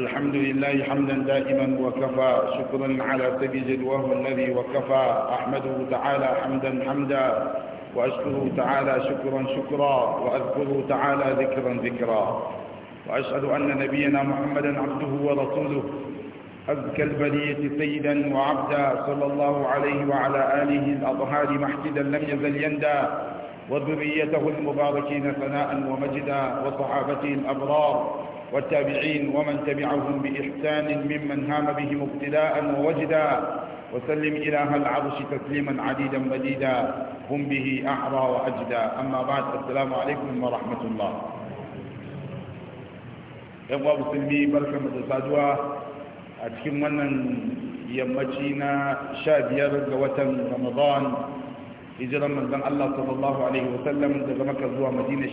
الحمد لله حمدا دائما وكفى شكرا على سبيل الوهم الذي وكفى أحمده تعالى حمدا حمدا وأشكره تعالى شكرا شكرا وأذكره تعالى ذكرا ذكرا وأشهد أن نبينا محمدا عبده ورسوله أزكى البلية سيدا وعبدا صلى الله عليه وعلى آله الأطهار محجدا لم يزل يندى وذريته المباركين ثناء ومجدا وصحابته الأبرار والتابعين ومن تبعهم بإحسان ممن هام بهم ابتداء ووجدا وسلم إله العرش تسليما عديدا مديدا هم به أحرى وأجدا أما بعد السلام عليكم ورحمة الله يبقى بسلمي بركة متسادوة أتكم ونن يمتينا شابير قوة رمضان صلى الله hijiran manzon Allah sallallahu alaihi wasallam daga Makka zuwa Madina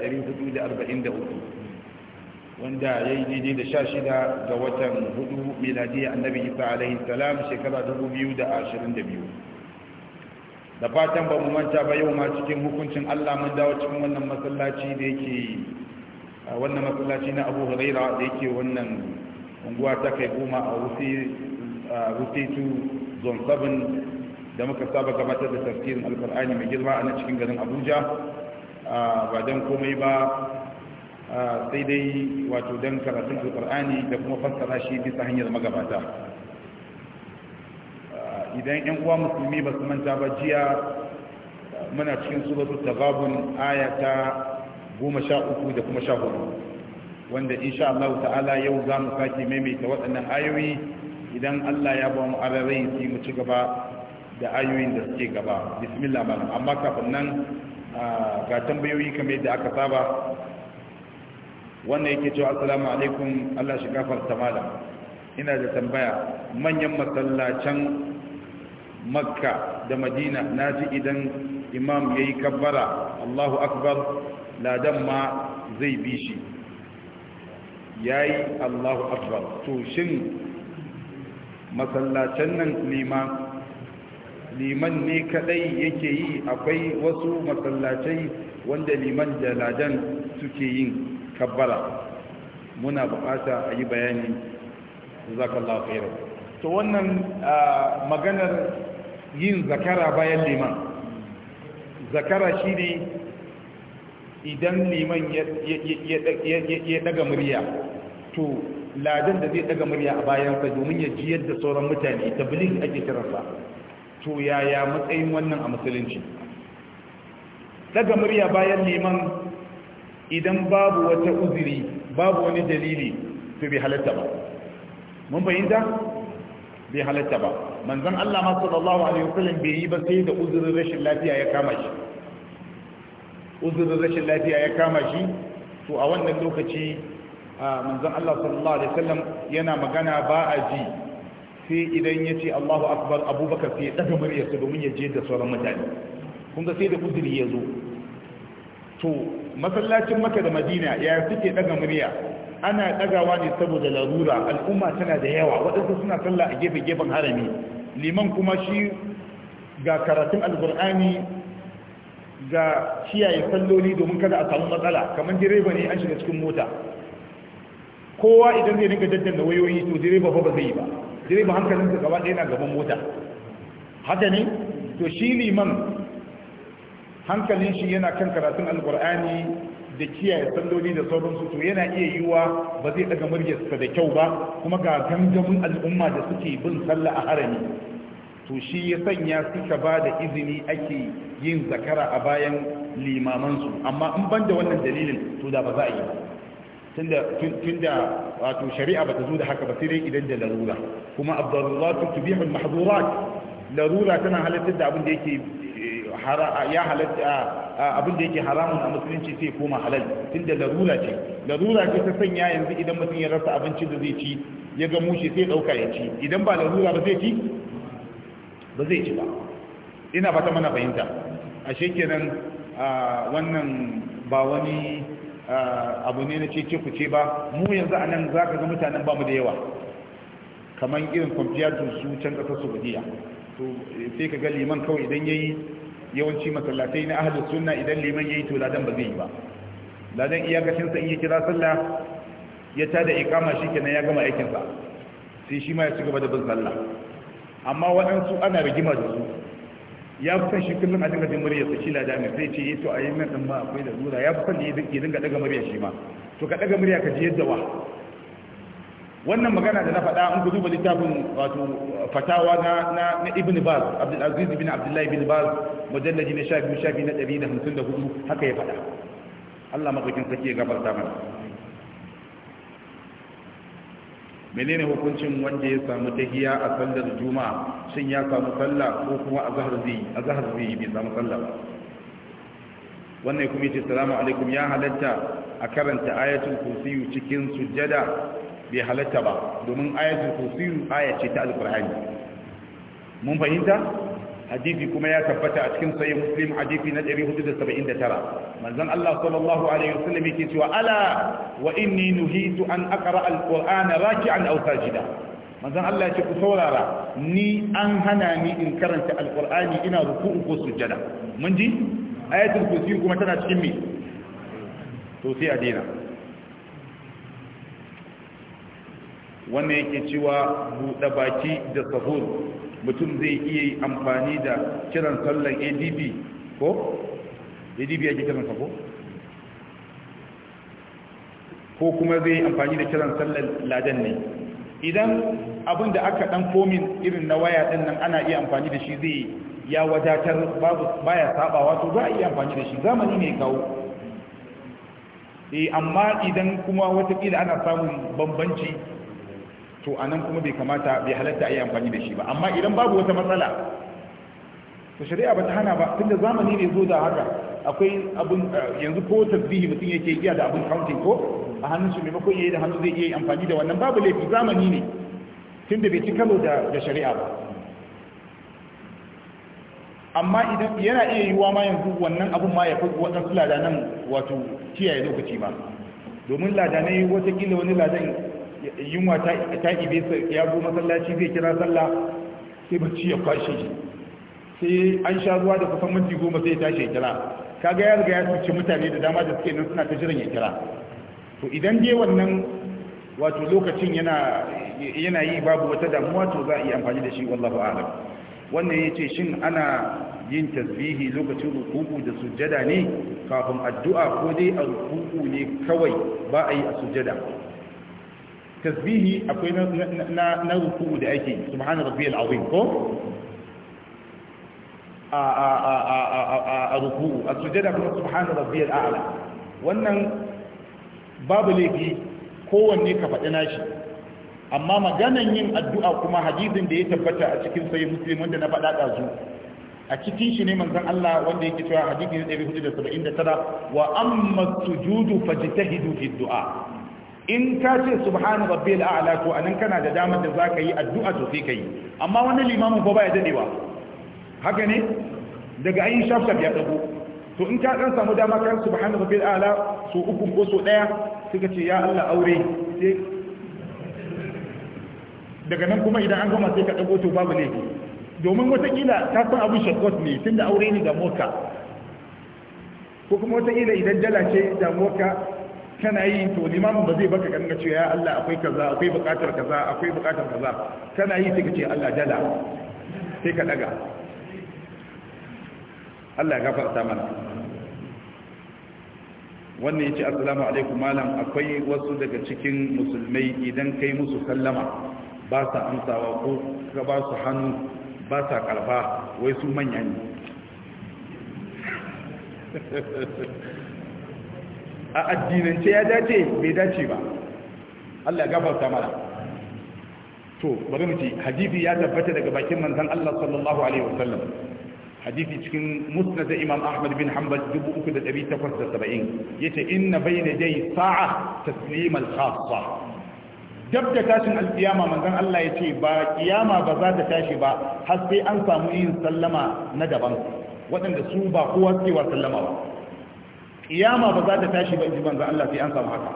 أربعين 1443 wanda ya yi daidai da sha shida ga watan hudu miladiyya annabi isa alaihi salam shekara dubu biyu da ashirin da biyu da fatan ba mu manta ba yau ma cikin hukuncin allah mun dawo cikin wannan masallaci da yake wannan masallaci na abu huraira da yake wannan unguwa ta kai goma a rufe tu zon da muka saba gabatar da tafsirin alkur'ani mai girma a nan cikin garin abuja ba don komai ba sai dai wato dan karatun alkur'ani da kuma fassara shi bisa hanyar magabata idan yan uwa musulmi ba su manta ba jiya muna cikin suratul tagabun aya ta goma sha uku da kuma sha hudu wanda insha Allah ta'ala yau za mu sake maimaita waɗannan ayoyi idan Allah ya ba mu ararai sai mu ci gaba da ayoyin da suke gaba bismillah ba amma kafin nan ga tambayoyi kamar yadda aka saba wanda yake cewa assalamu alaikum Allah shi gafarta malam ina da tambaya manyan masallacin makka da madina na ji idan imam ya yi kabbara allahu akbar ladan ma zai bi shi ya yi allahu akbar to shin masallacin nan liman ne kadai yake yi akwai wasu masallacai wanda liman da ladan suke yin kabbara muna bukata a yi bayani jazakallahu khairu to wannan maganar yin zakara bayan liman zakara shine idan liman ya daga murya to ladan da zai daga murya a bayan ka domin ya ji yadda sauran mutane tabligh ake kiransa to yaya matsayin wannan a musulunci daga murya bayan liman idan babu wata uzuri babu wani dalili to bai halatta ba mun bayyanta bai halatta ba manzon Allah ma sallallahu alaihi wasallam bai yi ba sai da uzurin rashin lafiya ya kama shi uzurin rashin lafiya ya kama shi to a wannan lokaci manzon Allah sallallahu alaihi wasallam yana magana ba a ji sai idan ya ce Allahu akbar Abubakar sai ya daga muryarsa domin ya je da sauran mutane kun ga sai da uzuri ya zo to masallacin maka da madina ya suke daga murya ana dagawa ne saboda larura al'umma tana da yawa waɗansu suna sallah a gefe-gefen harami liman kuma shi ga karatun alkur'ani ga kiyaye salloli domin kada a samu matsala kamar direba ne an shiga cikin mota kowa idan zai dinga da wayoyi to direba fa ba zai yi ba direba hankalinsa gaba ɗaya na gaban mota haka ne to shi liman hankalin shi yana kan karatun alkur'ani da kiyaye salloli da sauransu to yana iya yiwa ba zai daga muryarsa da kyau ba kuma ga gangamin al'umma da suke bin sallah a harami to shi ya sanya suka ba da izini ake yin zakara a bayan limamansu amma in ban da wannan dalilin to da ba za a yi tunda wato shari'a ba ta zo da haka ba sai dai idan da larura kuma abdurratu tubihul larura tana halatta da abin da yake ya halatta abin da yake haramun a musulunci sai koma halal tunda larura ce larura ce ta sanya yanzu idan mutum ya rasa abinci da zai ci ya ga mushi sai dauka ya ci idan ba larura ba zai ci ba zai ci ba ina ba ta mana fahimta ashe kenan wannan ba wani abu ne na ce ku ce ba mu yanzu a nan za ka ga mutanen ba mu da yawa kamar irin kwamfiyar su can ƙasar saudiya to sai ka ga liman kawai idan ya yi yawanci masallatai na ahlus sunna idan liman yayi to ladan ba zai yi ba ladan iyakacin sa in ya kira sallah ya tada iqama kenan ya gama aikin sa sai shi ma ya ci gaba da bin sallah amma waɗansu ana rigima da su ya fi son shi kullum a dinga jin ya saki ladan ne sai ce eh, to a yi nan din ma akwai da zura ya fi son ya dinga daga murya shi ma to ka daga murya ka ji yadda wa wannan magana da na faɗa in ku duba littafin wato fatawa na na, na ibn baz abdul aziz bin abdullahi bin baz mujallaji na shafi shafi na 154 haka ya faɗa Allah madaukin sarki ya gafarta mana menene hukuncin wanda ya samu tahiya a sallar juma'a shin ya samu sallah ko kuma azhar zai azhar zai bai samu sallah ba wannan kuma yace assalamu alaikum ya halatta a karanta ayatul kursiyu cikin sujjada bai halatta ba domin ayatul kursiyu aya ta alkur'ani mun fahimta hadisi kuma ya tabbata a cikin sahih muslim hadifi na 479 manzon Allah sallallahu alaihi wasallam yake cewa ala wa inni nuhitu an aqra alqur'ana raki'an aw sajida manzon Allah ya ce ku saurara ni an hana ni in karanta alqur'ani ina ruku'u ko sujjada mun ji ayatul kursiyu kuma tana cikin me to sai a daina wannan yake cewa buɗe baki da sahur mutum zai iya amfani da kiran sallan adb ko adb yake kiran sahur ko kuma zai amfani da kiran sallan ladan ne idan abin da aka dan komin irin na waya din nan ana iya amfani da shi zai ya wadatar babu baya sabawa to za a iya amfani da shi zamani ne kawo eh amma idan kuma watakila ana samun bambanci to anan kuma bai kamata bai halatta a yi amfani da shi ba amma idan babu wata matsala to shari'a ba ta hana ba tunda zamani ne zo da haka akwai abun eh, yanzu ko tasbihi mutum yake iya da abun counting ko a hannun shi maimakon yayi da hannu zai iya amfani da wannan babu laifi zamani ne tunda bai ci kalo da shari'a ba amma idan yana iya yiwuwa ma yanzu wannan abun ma ya fi waɗansu ladanan wato kiyaye lokaci ba domin ladanai watakila wani ladan yunwa ta ibe ya go masallaci zai kira sallah sai bacci ya kwashe shi sai an sha ruwa da kusan minti goma sai ya tashi ya kira kaga ya riga ya suke mutane da dama da suke nan suna ta jiran ya kira to idan dai wannan wato lokacin yana yana yi babu wata damuwa to za a yi amfani da shi wallahu a'lam wannan yace shin ana yin tasbihi lokacin rukuku da sujjada ne kafin addu'a ko dai a rukuku ne kawai ba a yi a sujjada tasbihi akwai na na ruku da ake subhana rabbiyal azim ko a a a a a ruku a sujada kuma subhana rabbiyal a'la wannan babu laifi kowanne ka faɗi nashi amma maganan yin addu'a kuma hadisin da ya tabbata a cikin sai muslim wanda na faɗa ɗazu a cikin shi ne manzon Allah wanda ya yake cewa hadisi ne 479 wa amma sujudu fajtahidu fi du'a in ka ce subhana rabbil a'la to anan kana da damar da zaka yi addu'a to sai kai amma wannan limamin ko baya dadewa haka ne daga ayin shafshaf ya dago to in ka dan samu dama kan subhana rabbil a'la so uku ko so daya suka ce ya Allah aure sai daga nan kuma idan an gama sai ka dago to babu ne. domin watakila ta san abin shakot ne tunda aure ne ga mota ko kuma watakila idan dala ce da mota kana yi to limamin ba zai baka ganin cewa ya Allah akwai kaza akwai bukatar kaza akwai bukatar kaza kana yi sai ka ce Allah dala sai ka daga Allah ya gafarta mana wannan yace assalamu alaikum malam akwai wasu daga cikin musulmai idan kai musu sallama ba sa amsawa ko ka ba su hannu ba sa karba wai su manya ne a addinance ya dace bai dace ba Allah gafarta mana to bari mu ci hadisi ya tabbata daga bakin manzon Allah sallallahu alaihi wasallam hadisi cikin musnad Imam Ahmad bin Hanbal 3870 yace inna bayna jay sa'a taslim al-khassa dab da tashin alkiyama manzon Allah yace ba kiyama ba za ta tashi ba har sai an samu yin sallama na daban waɗanda su ba kowa suke wa sallama ba kiyama ba za ta tashi ba in ji manzan Allah sai an samu haka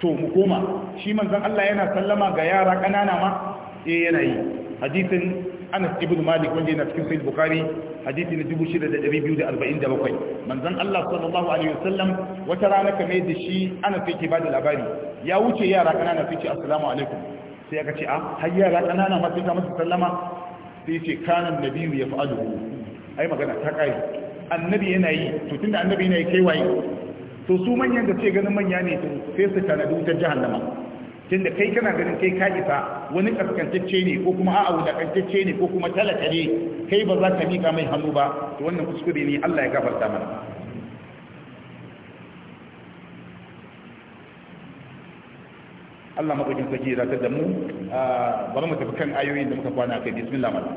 to mu koma shi manzan Allah yana sallama ga yara ƙanana ma eh yana yi hadisin Anas ibn Malik wanda yana cikin Sahih Bukhari hadisi na 6247 manzon Allah sallallahu alaihi wasallam wata rana kame da shi Anas yake bada labari ya wuce yara kanana su ce assalamu alaikum sai aka ce a ah, har yara kanana ma sai ka musu sallama sai ce kana nabiyyu yaf'aluhu ai magana ta kai annabi yana yi to tunda annabi yana yi kai waye to su manyan da ce ganin manya ne to sai su tanadi wutar jahannama tunda kai kana ganin kai ka isa wani kaskantacce ne ko kuma a'a wulakantacce ne ko kuma talaka ne kai ba za ka mika mai hannu ba to wannan kuskure ne Allah ya gafarta mana Allah madaukin sarki ya zartar da mu ah, bari mu tafi kan ayoyin da muka kwana kai bismillah malam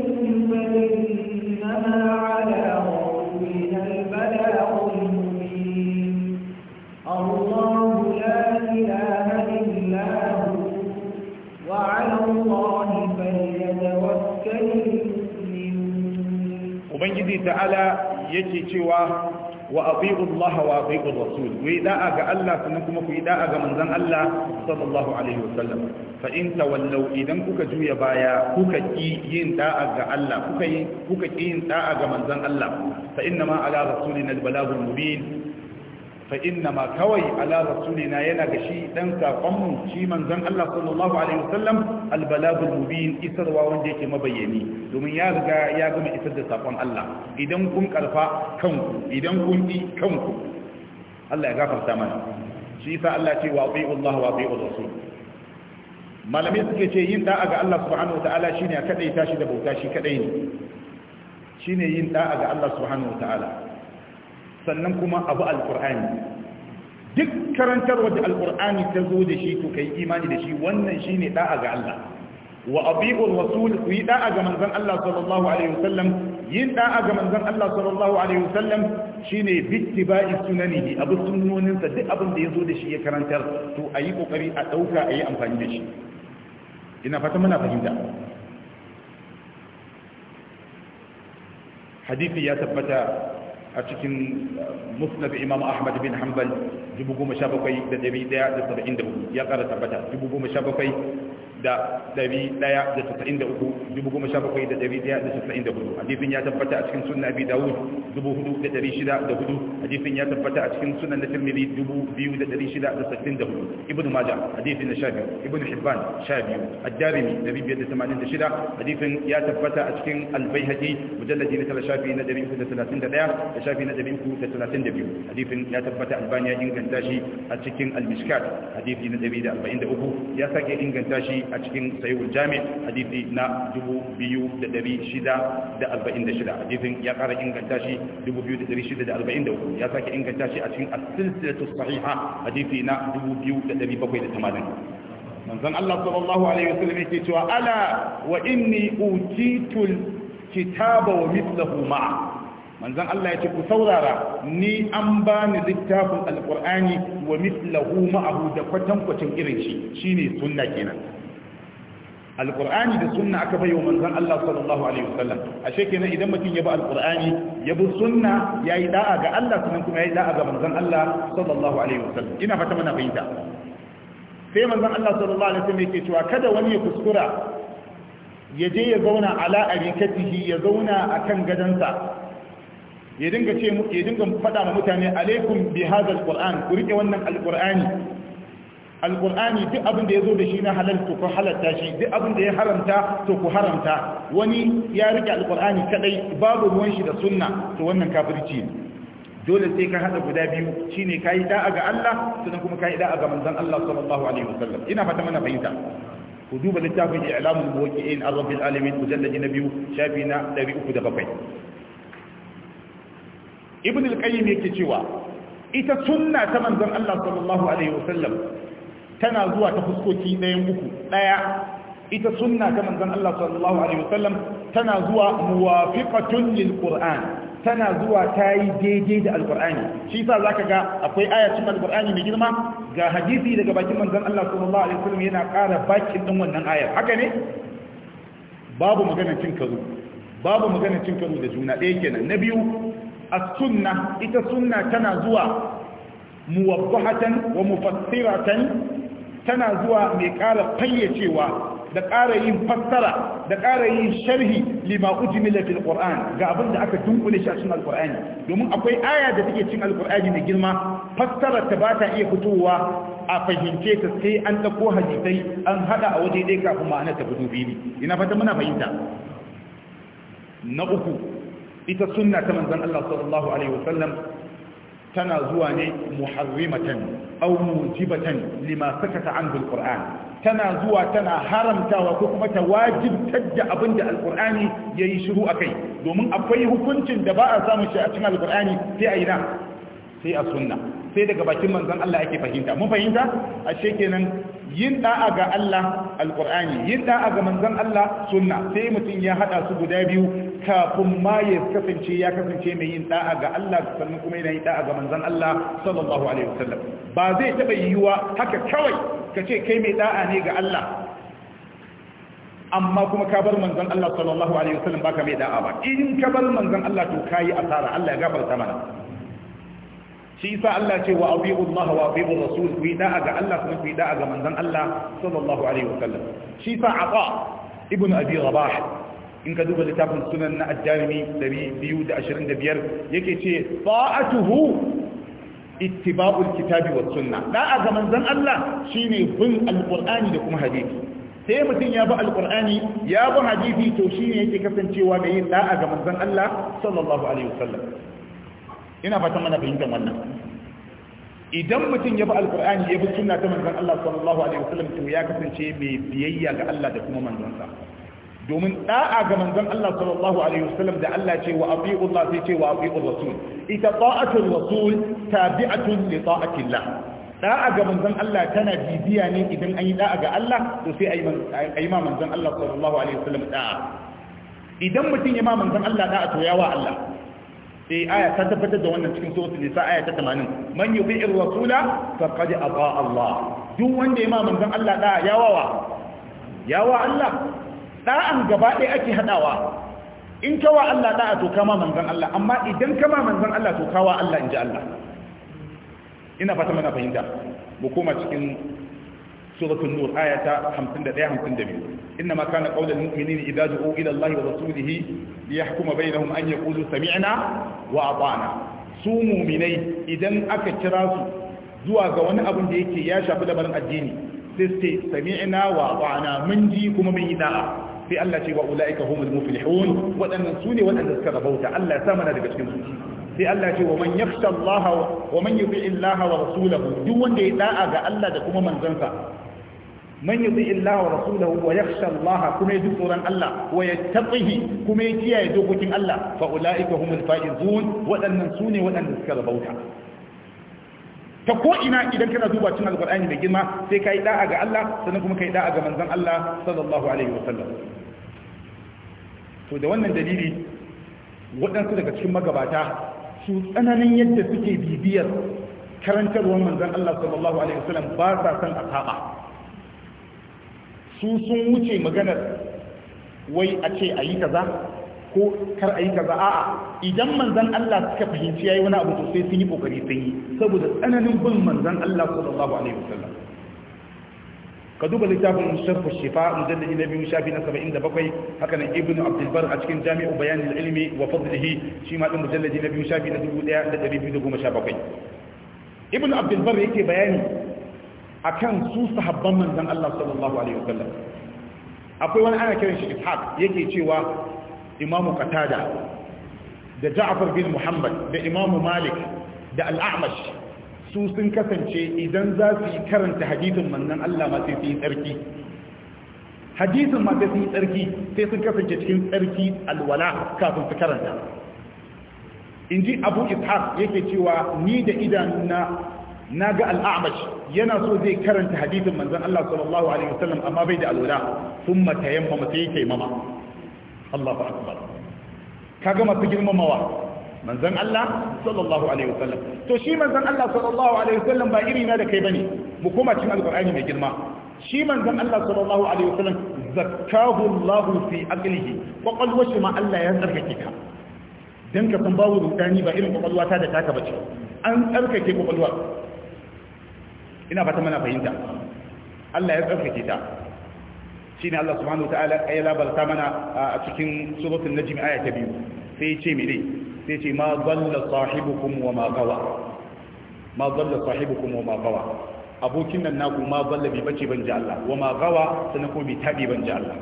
ubangiji ta'ala yake cewa wa atiiu Allah wa atiiu Rasul wa da'a ga Allah sannan kuma ku da'a ga manzon Allah sallallahu alaihi wasallam fa in tawallau idan kuka juya baya kuka ki yin da'a ga Allah kuka yi kuka ki yin da'a ga manzon Allah fa inna ma ala rasulina al-balagul mubin Fa'in inna ma kawai ala na yana ga shi dan sakonmu shi manzon Allah sallallahu alaihi wasallam albalagul mubin isarwa wanda yake mabayyani domin ya riga ya gama isar da saƙon Allah idan kun karfa kanku idan kun yi kanku Allah ya gafarta mana shi yasa Allah ce wa ati'u Allah wa ati'u rasul malami suke ce yin da'a ga Allah subhanahu wataala shine a kadaita tashi da bauta shi kadai ne shine yin da'a ga Allah subhanahu wataala sannan kuma abu alkur'ani duk karantarwa da alkur'ani ta zo da shi to kai imani da shi wannan shi ne da'a ga Allah wa abiqul rasul ku yi da'a ga manzan Allah sallallahu alaihi wasallam yin da'a ga manzan Allah sallallahu alaihi wasallam shine ba'i sunanihi abu sunnonin sa duk abin da ya zo da shi ya karantar to yi ƙoƙari a ɗauka a yi amfani da shi ina fata muna fahimta hadisi ya tabbata a cikin uh, musnad imam ahmad bin hanbal 17174 ya kara tabbata 17174 da ɗari ɗaya da tasa'in da uku dubu goma sha bakwai da ɗari ɗaya da tasa'in da hudu hadisin ya tabbata a cikin sunan abi dawud dubu hudu da ɗari shida da hudu hadisin ya tabbata a cikin sunan na tirmidhi dubu biyu da ɗari shida da sittin da hudu ibnu majah hadisin na sha biyu ibnu hibban sha ad-darimi ɗari biyar da tamanin da shida hadisin ya tabbata a cikin al-baihaqi mujalladi na kala shafi na ɗari uku da talatin da ɗaya da shafi na ɗari uku da talatin da biyu hadisin ya tabbata albani ya inganta shi a cikin al-mishkat hadisi na ɗari da arba'in da uku ya sake inganta shi a cikin sayyul jami hadisi na 2646 hadisin ya kara inganta shi 2643 ya sake inganta shi a cikin as-silsilatu sahiha hadisi na 2780 manzon Allah sallallahu alaihi wasallam yake cewa ala wa inni utitul kitaba wa mithluhu ma'a manzon Allah ce ku saurara ni an bani littafin alqur'ani wa mithluhu ma'ahu da kwatankwacin irin shi shine sunna kenan alkur'ani da sunna aka bai wa manzon Allah sallallahu alaihi wasallam ashe kenan idan mutum ya bi alkur'ani ya bi sunna yayi da'a ga Allah sannan kuma yayi da'a ga manzon Allah sallallahu alaihi wasallam ina fata mana fahimta sai manzon Allah sallallahu alaihi wasallam yake cewa kada wani ya kuskura ya je ya zauna ala arikatihi ya zauna akan gadansa ya dinga ce ya dinga faɗa ma mutane alaikum bi hadha alquran ku rike wannan alqur'ani alkur'ani duk abin da ya zo da shi na halal to ku halatta shi duk abin da ya haramta to ku haramta wani ya rike alkur'ani kadai babu ruwan shi da sunna to wannan kafirci dole sai ka hada guda biyu shine kai da'a ga Allah sannan kuma kai da'a ga manzon Allah sallallahu alaihi wasallam ina fata mana fahimta ku duba littafin i'lamul muwaqqi'in ar-rabbil alamin mujallad na biyu shafi na 307 ibn al-qayyim yake cewa ita sunna ta manzon Allah sallallahu alaihi wasallam tana zuwa ta fuskoki ɗayan uku ɗaya ita sunna ta manzon Allah sallallahu alaihi wasallam tana zuwa muwafiqatun lil qur'an tana zuwa ta yi daidai da alkur'ani shi sa za ka ga akwai ayacin Alƙur'ani mai girma ga hadisi daga bakin manzan Allah sallallahu alaihi wasallam yana ƙara bakin ɗin wannan ayar haka ne babu maganar cin karo babu maganar cin karo da juna ɗaya kenan na biyu a sunna ita sunna tana zuwa muwabbahatan wa mufassiratan tana zuwa mai ƙara fayyacewa da ƙarayin yin fassara da kara yin sharhi lima ujmila fil qur'an ga abin da aka dunkule shi a cikin alqur'ani domin akwai aya da take cikin alqur'ani mai girma fassara ta ba ta iya fitowa a fahimce ta sai an dauko hadisai an hada a waje dai kafin ma'ana ta fito fili ina fata muna fahimta na uku ita sunna ta manzon Allah sallallahu alaihi wasallam tana zuwa ne muharrimatan aw mujibatan lima sakata an alquran tana zuwa tana haramtawa ko kuma ta wajibtar da abin da alqurani yayi shiru akai domin akwai hukuncin da ba a samu shi a cikin alqurani sai a ina sai a sunna sai daga bakin manzon Allah ake fahimta mun fahimta ashe kenan yin da'a ga Allah alqur'ani yin da'a ga manzon Allah sunna sai mutum ya hada su guda biyu kafin ma ya kasance ya kasance mai yin da'a ga Allah sannan kuma yana yin da'a ga manzon Allah sallallahu alaihi wasallam ba zai taba yiwuwa haka kawai kace kai mai da'a ne ga Allah amma kuma ka bar manzon Allah sallallahu alaihi wasallam baka mai da'a ba in ka bar manzon Allah to kai asara Allah ya gafarta mana shi yasa Allah ce wa abiu Allah wa abiu rasul ku da'a ga Allah kuma ku da'a ga manzon Allah sallallahu alaihi wasallam shi yasa Aqa ibn Abi Rabah in ka duba littafin sunan na Ad-Darimi 225 yake ce ta'atuhu ittiba'ul kitabi wa sunna da'a ga manzon Allah shine bin alqur'ani da kuma hadisi sai mutum ya bi alqur'ani ya bi hadisi to shine yake kasancewa da yin da'a ga manzon Allah sallallahu alaihi wa sallam. ina fatan mana fahimtar wannan idan mutum ya bi alkur'ani ya bi sunna ta manzon Allah sallallahu alaihi wasallam to ya kasance mai biyayya ga Allah da kuma manzonsa domin da'a ga manzon Allah sallallahu alaihi wasallam da Allah ce wa abi'u Allah sai ce wa abi'u rasul ita ta'atul rasul tabi'atun li ta'atillah da'a ga manzon Allah tana bibiya ne idan an yi da'a ga Allah to sai ayi ma manzon Allah sallallahu alaihi wasallam da'a idan mutum ya ma manzon Allah da'a to ya wa Allah sai eh, aya ta tabbatar da wannan cikin suratul nisa aya ta 80 man yubi'ir rasula faqad aba Allah duk wanda ya ma manzon Allah da yawawa yawa Allah da'an gaba ɗaya ake hadawa in kawa Allah da'a to kama manzon Allah amma idan kama manzon Allah to kawa Allah inji Allah ina fata mana fahimta mu koma cikin سورة النور آية 51-52 إنما كان قول المؤمنين إذا دعوا إلى الله ورسوله ليحكم بينهم أن يقولوا سمعنا وأطعنا su muminai idan aka kira su zuwa ga wani abin da yake ya shafi labarin addini sai su ce sami'na wa ba'ana mun ji kuma mun yi da'a sai Allah ce wa ula'ika humul muflihun wadannan su ne suka rabauta Allah ya daga cikin su sai Allah ce wa man yakhsha Allah wa man yuti Allah wa rasulahu duk wanda ya da'a ga Allah da kuma manzansa man yuti Allah wa rasulahu wa yakhsha Allah kuma yaji tsoron Allah wa yattaqihi kuma ya kiyaye dokokin Allah fa ulaika humul faizun wadannan sune wadanda suka rabauta ta ko ina idan kana duba cin alqur'ani mai girma sai kai da'a ga Allah sannan kuma kai da'a ga manzon Allah sallallahu alaihi wasallam to da wannan dalili wadansu daga cikin magabata su tsananin yadda suke bibiyar karantarwar manzon Allah sallallahu alaihi ba sa su sun wuce maganar wai a ce a yi kaza ko kar a yi kaza a'a idan manzan Allah suka fahimci yayi wani abu sosai sun yi kokari sun yi saboda tsananin bin manzan Allah ko sallallahu alaihi wasallam ka duba littafin sharh shifa mujallad na biyu shafi na saba'in 77 haka nan ibn abdul bar a cikin jami'u Bayanin ilmi wa fadlihi shi ma din mujallad na biyu shafi na dubu da da biyu goma sha bakwai. ibn abdul bar yake bayani akan su sahabban manzan Allah sallallahu alaihi wasallam akwai wani ana kiran shi Ishaq yake cewa Imam Qatada da Ja'far bin Muhammad da Imam Malik da Al-A'mash su sun kasance idan za su yi karanta hadisin manzon Allah ma sai su yi tsarki Hadithin ma sai su yi tsarki sai sun kasance cikin tsarki alwala kafin su karanta inji Abu Ishaq yake cewa ni da idanuna na ga al'amash yana so zai karanta hadisin manzan Allah sallallahu alaihi wasallam amma bai da yamma thumma yi taimama. Allah Allahu akbar gama masu girmamawa Manzan Allah sallallahu alaihi wasallam to shi manzan Allah sallallahu alaihi wasallam ba iri na da kai bane mu koma cin Alƙur'ani mai girma shi manzon Allah sallallahu alaihi wasallam zakkahu Allah fi aqlihi wa qalwashi ma Allah ya tsarkake ka dan ka san babu rudani ba irin kwakwalwa ta da taka bace an tsarkake kwakwalwa ina fata mana fahimta Allah ya tsarkake ta shine Allah subhanahu wataala ya labarta mana a cikin suratul najm aya ta biyu sai ya ce mene sai ya ce ma dalla sahibukum wa ma gawa ma dalla sahibukum wa ma gawa abokin nan naku ma dalla bi bace ban ji Allah wa ma gawa sanan ko bi tabi ban ji Allah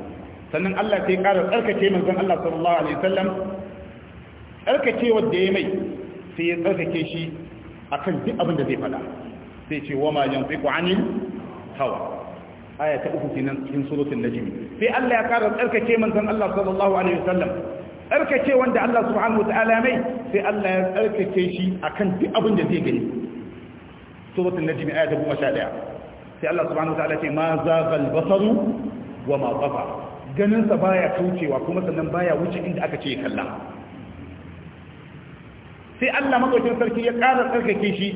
sannan Allah sai ƙara tsarkake manzon Allah sallallahu alaihi wasallam tsarkake wanda yayi mai sai ya tsarkake shi akan duk abin da zai faɗa sai ce wama yantiqu anil hawa aya ta uku kenan cikin suratul najm sai Allah ya ƙara tsarkake manzon Allah sallallahu alaihi wasallam tsarkake wanda Allah subhanahu wataala mai sai Allah ya tsarkake shi akan duk abin da zai gani suratul najm aya ta ɗaya. sai Allah subhanahu wataala ce ma zaghal basaru wa ma tafa Ganinsa sa baya kaucewa kuma sannan baya wuce inda aka ce ya kalla sai Allah madaukakin sarki ya ƙara tsarkake shi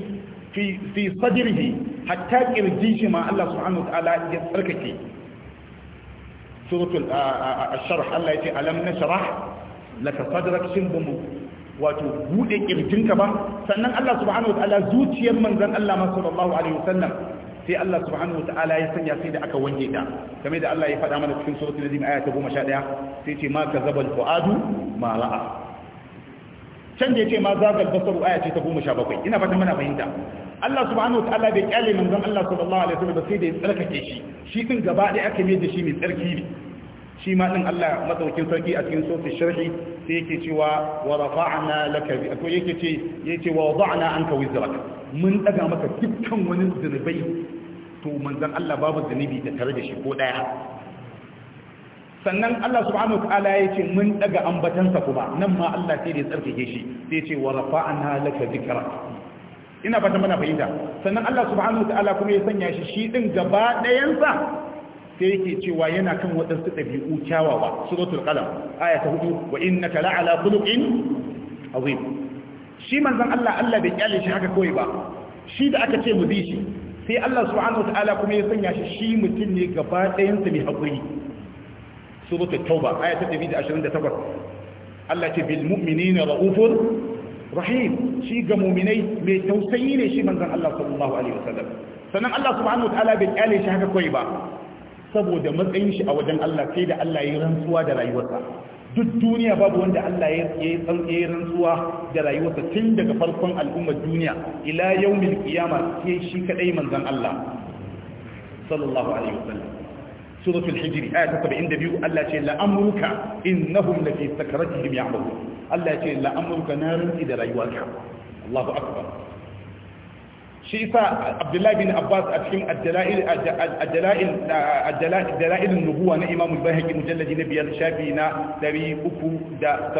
fi sadrihi hatta kirjin shi ma Allah subhanahu wa ta'ala ya tsarkake suratul asharh Allah yace alam nashrah laka sadrak shin bamu wato bude kirjinka ba sannan Allah subhanahu wa ta'ala zuciyar manzon Allah ma sallallahu alaihi wasallam sai Allah subhanahu wa ta'ala ya sanya sai da aka wanke ta kamar da Allah ya faɗa mana cikin suratul najm aya ta 11 sai ce ma kazabal fuadu ma ra'a can da ya ce ma zagal basaru aya ce ta goma sha bakwai ina fatan mana fahimta Allah subhanahu wa ta'ala bai kyale manzon Allah sallallahu alaihi wasallam sai da ya tsarkake shi shi din gaba ɗaya aka mai da shi mai tsarki ne shi ma din Allah madaukin sarki a cikin sofi sharhi sai yake cewa wa rafa'na laka bi ko yake ce yake wa wada'na anka wizrak mun daga maka dukkan wani zunubai to manzon Allah babu zunubi da tare da shi ko daya sannan Allah subhanahu wataala ya ce mun daga ambatansa kuma nan ma Allah sai da ya tsarkake shi sai ya ce wa rafa'ana laka dhikra ina fata mana fahimta sannan Allah subhanahu wataala kuma ya sanya shi shi din gaba ɗayansa sai yake cewa yana kan waɗansu ɗabi'u kyawawa suratul qalam aya ta 4 wa innaka la'ala khuluqin azim shi manzon Allah Allah bai kyale shi haka kawai ba shi da aka ce mu bi shi sai Allah subhanahu wataala kuma ya sanya shi shi mutum ne gaba ɗayansa mai haƙuri suratul tauba aya ta 128 Allah ce bil mu'minina raufur rahim shi ga mu'minai mai tausayi ne shi manzon Allah sallallahu alaihi wasallam sannan Allah subhanahu wataala bai kyale shi haka kai ba saboda matsayin shi a wajen Allah sai da Allah ya rantsuwa da rayuwarsa duk duniya babu wanda Allah ya yi rantsuwa da rayuwarsa tun daga farkon al'ummar duniya ila yau mil kiyama sai shi kadai manzan Allah sallallahu alaihi wasallam suratul hijri aya ta 72 Allah ce la'amruka innahum lafi sakaratihim ya'mahu Allah ce la'amruka na rantsi da rayuwarka Allahu akbar shi isa abdullahi bin abbas a cikin adjala'il nubuwa na imamul bayhaqi mujallaji na biyar shafi na 375 da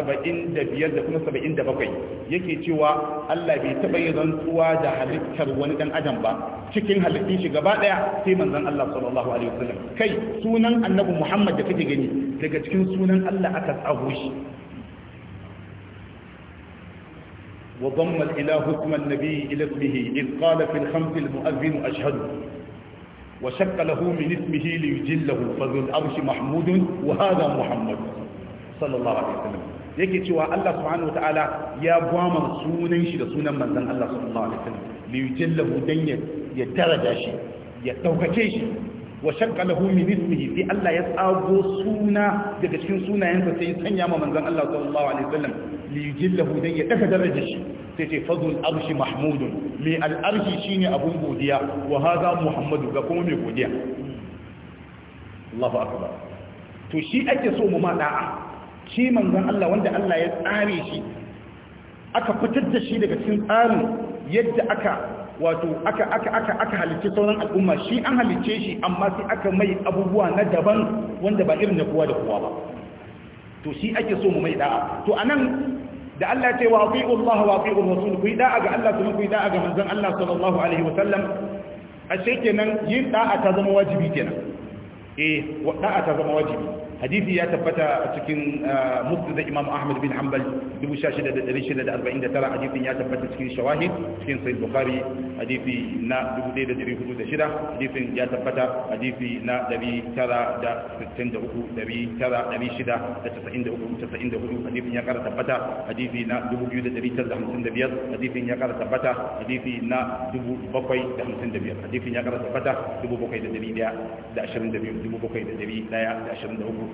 kuma 77 yake cewa Allah bai taɓa yin rantsuwa da halittar wani ɗan adam ba cikin halittun shi gaba ɗaya sai manzon Allah sallallahu alaihi wasallam kai sunan annabi Muhammad da kake gani daga cikin sunan Allah aka tsago shi وضم الإله اسم النبي إلى اسمه إذ قال في الخمس المؤذن أشهد وشق له من اسمه ليجله فذو الأرش محمود وهذا محمد صلى الله عليه وسلم yake cewa Allah subhanahu wataala ya gwama sunan shi da sunan manzon Allah sallallahu alaihi wasallam li yujallahu dan ya daraja shi ya daukake shi wa shakka lahu min ismihi sai Allah ya tsago suna daga cikin sunayensa sai ya sanya ma manzon Allah sallallahu alaihi wasallam li yujillahu dan ya daga daraja shi sai ce fadul arshi mahmudun mai al'arshi shine abun godiya wa hadha muhammadu ga kuma mai godiya Allahu akbar to shi ake so mu ma da'a shi manzon Allah wanda Allah ya tsare shi aka fitar da shi daga cikin tsarin yadda aka wato aka aka aka aka halicce sauran al'umma shi an halicce shi amma sai aka mai abubuwa na daban wanda ba irin na kowa da kowa ba to shi ake so mu mai da'a to anan da Allah ya ce wa ati'u Allah wa ati'u Rasul ku yi da'a ga Allah kuma ku yi da'a ga manzon Allah sallallahu alaihi wa sallam ashe kenan yin da'a ta zama wajibi kenan eh da'a ta zama wajibi hadisi ya tabbata a cikin uh, musnad imam ahmad bin hanbal 1649 hadisin ya tabbata cikin shawahid cikin sahih bukhari hadisi na 1406 hadisin ya tabbata hadisi na 963 994 hadisin ya kara tabbata hadisi na 2955 hadisin ya kara tabbata hadisi na 755 hadisin ya kara tabbata 7722 da 22 723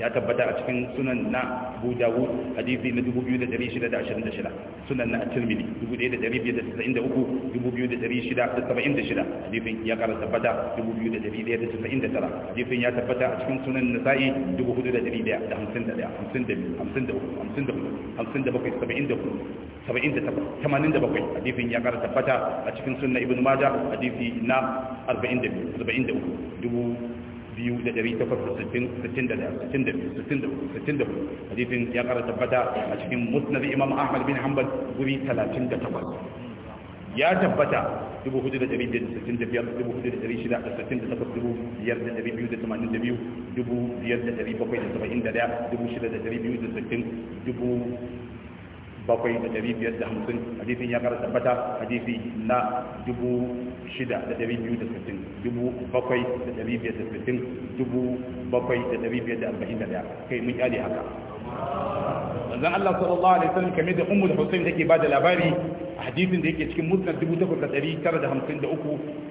ya tabbata a cikin sunan na Abu Dawud hadisi na 2626 sunan na At-Tirmidhi 1593 2676 hadisin ya kara tabbata 2199 hadisin ya tabbata a cikin sunan Nasa'i 4151 hadisin ya kara tabbata a cikin sunan Ibn Majah hadisi na 42 43 biyu hadisin ya kara tabbata a cikin musnad imam ahmad bin hanbal guri takwas ya tabbata 4665 4668 dubu. bakwai da dari biyar da hamsin hadisin ya kara bata hadisi na dubu shida da dari biyu da sittin dubu bakwai da dari biyar da sittin dubu bakwai da dari biyar da arba'in da daya kai mun kyale haka manzon Allah sallallahu alaihi wasallam kamar da Ummul Husayn take bada labari a hadisin da yake cikin Musnad 1953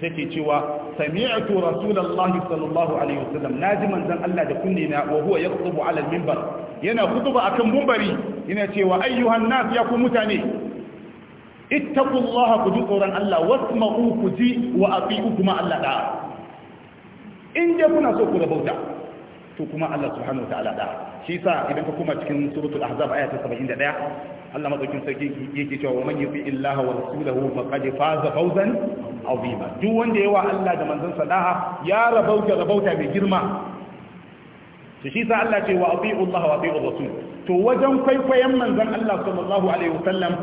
take cewa sami'tu Rasulullahi sallallahu alaihi wasallam naji manzon Allah da kunni na wa huwa yaqtubu ala al-minbar yana kutuba akan bumbari yana cewa ayyuhan nas ya ku mutane ittaqullaha ku ji tsoron Allah wasma'u ku ji wa atiu kuma Allah da in dai kuna so ku da bauta to kuma Allah subhanahu wataala da shi yasa idan ka koma cikin suratul ahzab aya ta 71 Allah madaukin sarki yake cewa wa man yuti illaha wa rasulahu faqad faza fawzan azima duk wanda yawa Allah da manzon sa ya rabauta rabauta mai girma to shi sa Allah ce wa ati'u Allah wa ati'u rasul to wajen kwaikwayon manzon Allah sallallahu alaihi wasallam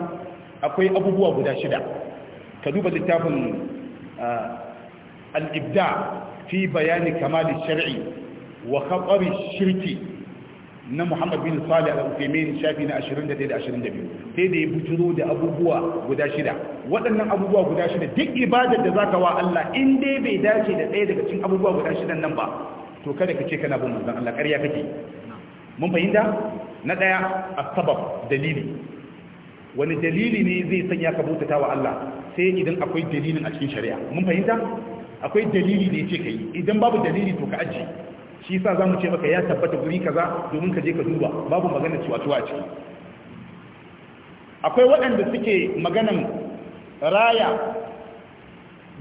akwai abubuwa guda shida ka duba littafin ah, al-ibda fi bayani kamal shar'i wa khatar shirki na Muhammad bin Salih al-Uthaymeen shafi na 21 da 22 sai da ya bujuro da abubuwa guda shida waɗannan abubuwa guda shida duk ibadar da zaka wa Allah in dai bai dace da ɗaya daga cikin abubuwa guda shidan nan ba to kada ka ce kana bin manzon Allah ƙarya kake mun fahimta na daya asbab dalili wani dalili ne zai sanya ka bautata wa Allah sai idan akwai dalilin a cikin shari'a mun fahimta akwai dalili ne ce kai idan babu dalili to ka aji shi yasa zamu ce maka ya tabbata guri kaza domin ka je ka duba babu magana ciwa ciwa ciki akwai waɗanda suke maganan raya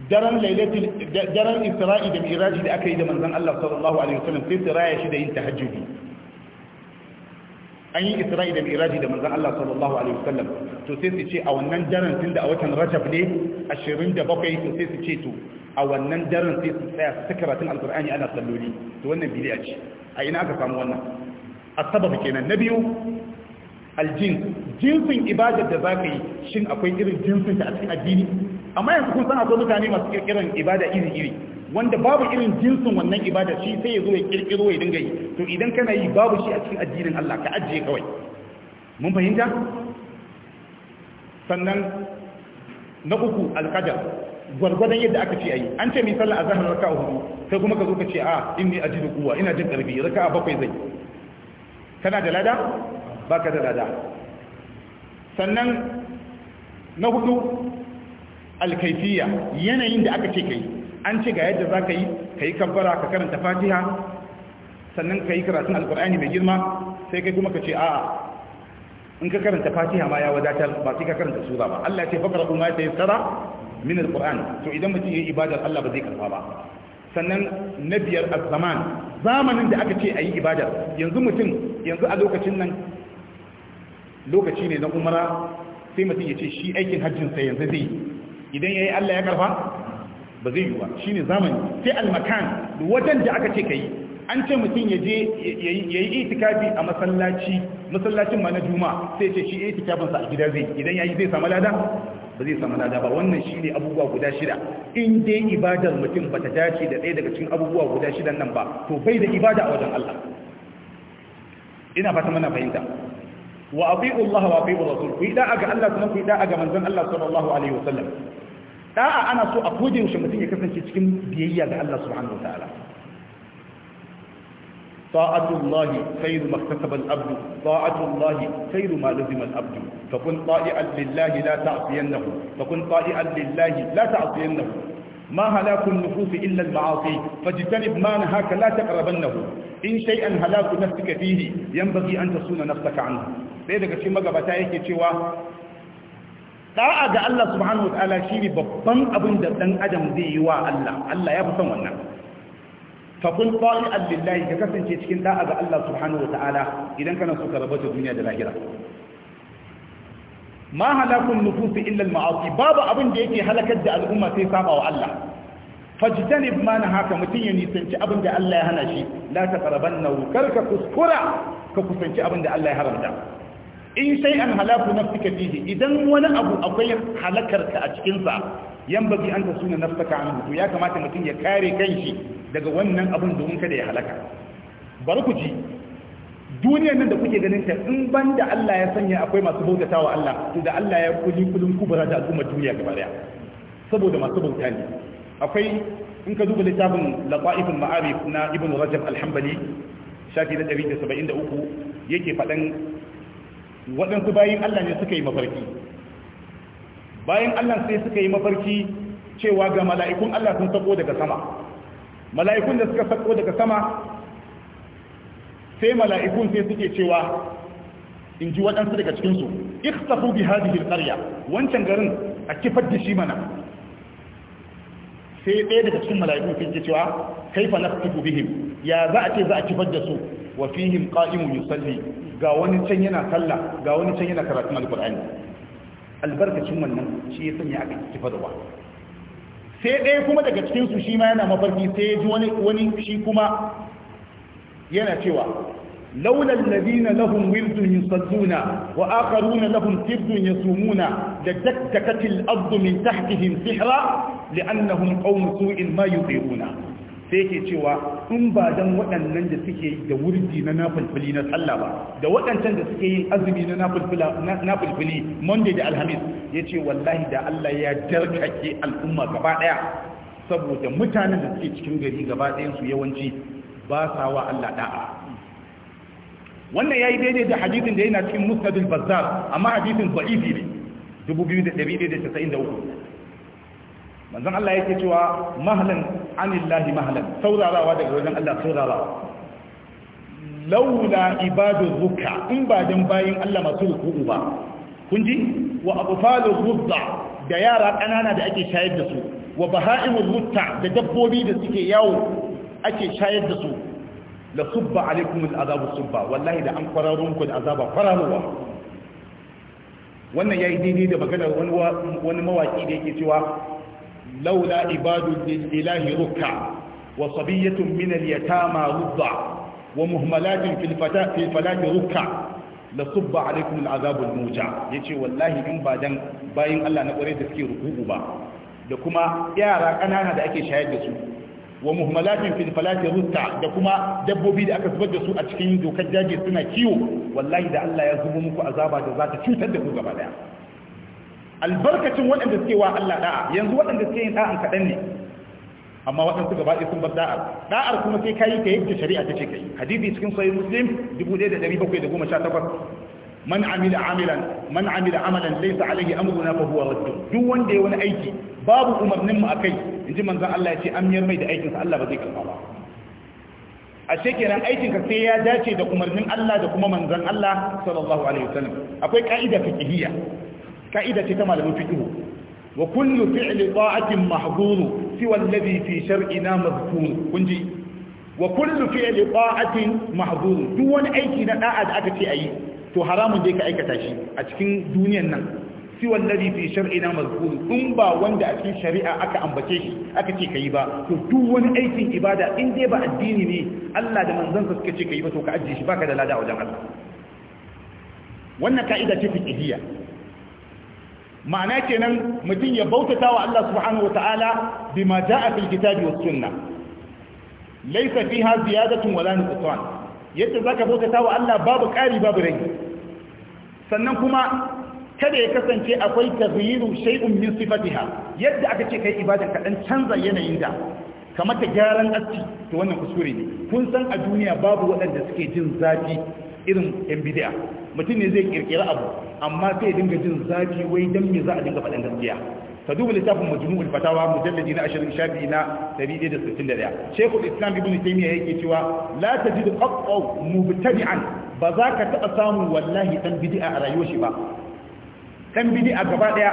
daren lailatul daren isra'i da miraji da aka yi da manzon Allah sallallahu alaihi wasallam sai tsiraya shi da yin tahajjudi an yi isra'i da miraji da manzon Allah sallallahu alaihi wasallam to sai su ce a wannan daren da a watan Rajab ne 27 to sai su ce to a wannan daren sai su tsaya su karatun alqur'ani ana salloli to wannan bid'a ce a ina aka samu wannan asbab kenan na biyu aljin jinsin ibadar da za ka yi shin akwai irin jinsin ta a cikin addini amma yanzu kun san akwai mutane masu kirkiran ibada iri iri wanda babu irin jinsin wannan ibada shi sai ya zo ya kirkiro ya dinga yi to idan kana yi babu shi a cikin addinin Allah ka ajiye kawai mun fahimta sannan na uku alqadar gwargwadon yadda aka ce ayi an ce mi sallah azhar raka'a hudu sai kuma ka zo ka ce a ah, inni ajidu quwwa ina jin karfi raka'a bakwai zai kana da lada Ba ka da lada sannan na hudu alkaifiya yanayin da aka ce kai an ce ga yadda za ka yi ka yi kabbara ka karanta fatiha sannan ka yi karatun alkur'ani mai girma sai kai kuma ka ce a'a in ka karanta fatiha ma ya wadatar ba sai ka karanta sura ba Allah ce fakara kuma ya tsara min alkur'ani to idan mutum ya yi ibadar Allah ba zai karfa ba sannan na biyar a zaman zamanin da aka ce a yi ibadar yanzu mutum yanzu a lokacin nan lokaci ne na umara sai mutum ya ce shi aikin hajjin sai yanzu zai idan yayi Allah ya karfa ba zai yi ba shine zamani sai almakan wajen da aka ce kai an ce mutum ya je yayi itikafi a masallaci masallacin ma na juma'a sai ce shi itikafin sa a gida zai idan yayi zai samu lada ba zai samu lada ba wannan shine abubuwa guda shida in dai ibadar mutum bata dace da ɗaya daga cikin abubuwa guda shidan nan ba to bai da ibada a wajen Allah ina fata mana fahimta وأطيعوا الله وأطيعوا الرسول في داعة الله كمان في داعة من زن الله صلى الله عليه وسلم داعة أنا سوء أقودي وشمتين يكفن تشكين بيئة الله سبحانه وتعالى طاعة الله خير ما اكتسب الأبد طاعة الله خير ما لزم الأبد فكن طائعا لله لا تعصينه فكن طائعا لله لا تعصينه ما هلاك النفوس إلا المعاصي فاجتنب ما نهاك لا تقربنه إن شيئا هلاك نفسك فيه ينبغي أن تصون نفسك عنه sai daga cikin magabata yake cewa da'a ga Allah subhanahu wataala shine babban abin da dan adam zai yi wa Allah Allah ya fi son wannan fa kun ta'i'an lillahi ka kasance cikin da'a ga Allah subhanahu wataala idan kana so ka rabata duniya da lahira ma halakun nufusi illa al-ma'asi babu abin da yake halakar da al'umma sai saba wa Allah fajtanib ma haka mutun ya nisanci abin da Allah ya hana shi la taqrabanna karka kuskura ka kusanci abin da Allah ya haramta in sai an halaku nafsika fihi idan wani abu akwai halakar ka a cikin sa yambagi an na nafsaka an to ya kamata mutum ya kare kanshi daga wannan abun domin kada ya halaka bari ku ji duniyar nan da kuke ganin ta in banda Allah ya sanya akwai masu bautatawa Allah to da Allah ya kuli kulun kubra da al'ummar duniya gaba daya saboda masu bauta ne akwai in ka duba littafin laqaiful ma'arif na ibn rajab al-hanbali shafi na 173 yake faɗan. waɗansu bayan Allah ne suka yi mafarki bayan Allah sai suka yi mafarki cewa ga mala'ikun Allah sun sako daga sama mala'ikun da suka sako daga sama sai mala'ikun sai suke cewa in ji waɗansu daga cikinsu iktafu bi haɗi alqarya wancan garin a kifar da shi mana sai ɗaya daga cikin mala'ikun sai ke cewa kaifa naftiku bihim ya za a ce za a kifar da su wa fihim qa'imun yusalli ga wani can yana sallah ga wani can yana karatun alqur'ani albarkacin wannan shi ya sanya aka kifa da sai ɗaya kuma daga cikin su shi ma yana mafarki sai ya ji wani wani shi kuma yana cewa laula alladhina lahum wirdun yusalluna wa akharuna lahum tirdun yasumuna la dakkakatil ardu min tahtihim sihra li'annahum qawmun su'in ma yuti'una sai yake cewa in ba dan waɗannan da suke yi da wurdi na nafulfuli na sallah ba da waɗancan da suke yin azumi na nafulfuli monday da alhamis ya ce wallahi da allah ya jarkake al'umma gaba ɗaya saboda mutanen da suke cikin gari gaba ɗayansu yawanci ba sa wa allah ɗa'a wannan ya yi daidai da hadisin da yana cikin musnadul bazzar amma hadisin za'ifi ne 2193 manzon Allah yake cewa mahlan anillahi mahalan saurarawa daga wajen Allah saurarawa laula ibadu zuka in ba dan bayin Allah masu ruku'u ba kun ji wa abfalu rudda da yara kanana da ake shayar da su wa baha'imul mutta da dabbobi da suke yawo ake shayar da su la subba alaikum al'azabu subba wallahi da an kwararun ku da azaba kwararowa wannan yayi daidai da maganar wani wani mawaki da yake cewa laula ibadun lillahi rukka wa sabiyyatun min al-yatama rudda wa muhmalatun fil fata fil rukka la subba alaikum al-azab al-muja yace wallahi in ba dan bayan Allah na kware da suke ruku'u ba da kuma yara ƙanana da ake shayar da su wa muhmalatin fil falati rutta da kuma dabbobi da aka zubar da su a cikin dokar daji suna kiwo wallahi da Allah ya zubo muku azaba da za ta cutar da ku gaba daya albarkacin waɗanda suke wa Allah da'a yanzu waɗanda suke yin da'an kaɗan ne amma waɗansu gaba ɗaya sun bar da'ar da'ar kuma sai kayi ka yadda shari'a ta ce kai hadisi cikin sahih muslim 1718 man amila amilan man amila amalan laysa alayhi amruna fa huwa radd duk wanda ya wani aiki babu umarnin mu akai inji manzon Allah ya ce an yar mai da aikin sa Allah ba zai karba ba ashe kenan aikin ka sai ya dace da umarnin Allah da kuma manzon Allah sallallahu alaihi wasallam akwai ka'ida fiqhiyya ka'ida ce ta malamin fiqh wa kullu fi'li ta'atin mahdhur siwa alladhi fi shar'ina madhkur kunji wa kullu fi'li ta'atin mahdhur duk wani aiki na da'a da aka ce ayi to haramun dai ka aikata shi a cikin duniyan nan siwa alladhi fi shar'ina mazkur in ba wanda a cikin shari'a aka ambace shi aka ce kai ba to duk wani aikin ibada in dai ba addini ne Allah da manzansa suka ce kai ba to ka ajiye shi baka da lada wajen Allah wannan kaida ce fiqhiyya ma'ana kenan mutum ya bautata wa Allah subhanahu wata'ala bima ja'a fil kitabi was sunna laysa fiha ziyadatun wala nuqsan yadda zaka bautata wa Allah babu ƙari babu rai sannan kuma kada ya kasance akwai taghyiru shay'un min sifatiha yadda aka ce kai ibadan ka dan canza yanayin da kamar ta gyaran aski to wannan kuskure ne kun san a duniya babu waɗanda suke jin zafi irin yan bid'a mutum ne zai kirkira abu amma sai dinga jin zafi wai dan me za a dinga faɗin gaskiya ka duba littafin majmu'ul fatawa mujalladi na 20 shafi na 161 shaykhul islam ibn taymiya yake cewa la tajidu qatta mubtadi'an ba za ka taɓa samu wallahi dan bid'a a rayuwar shi ba dan bid'a gaba daya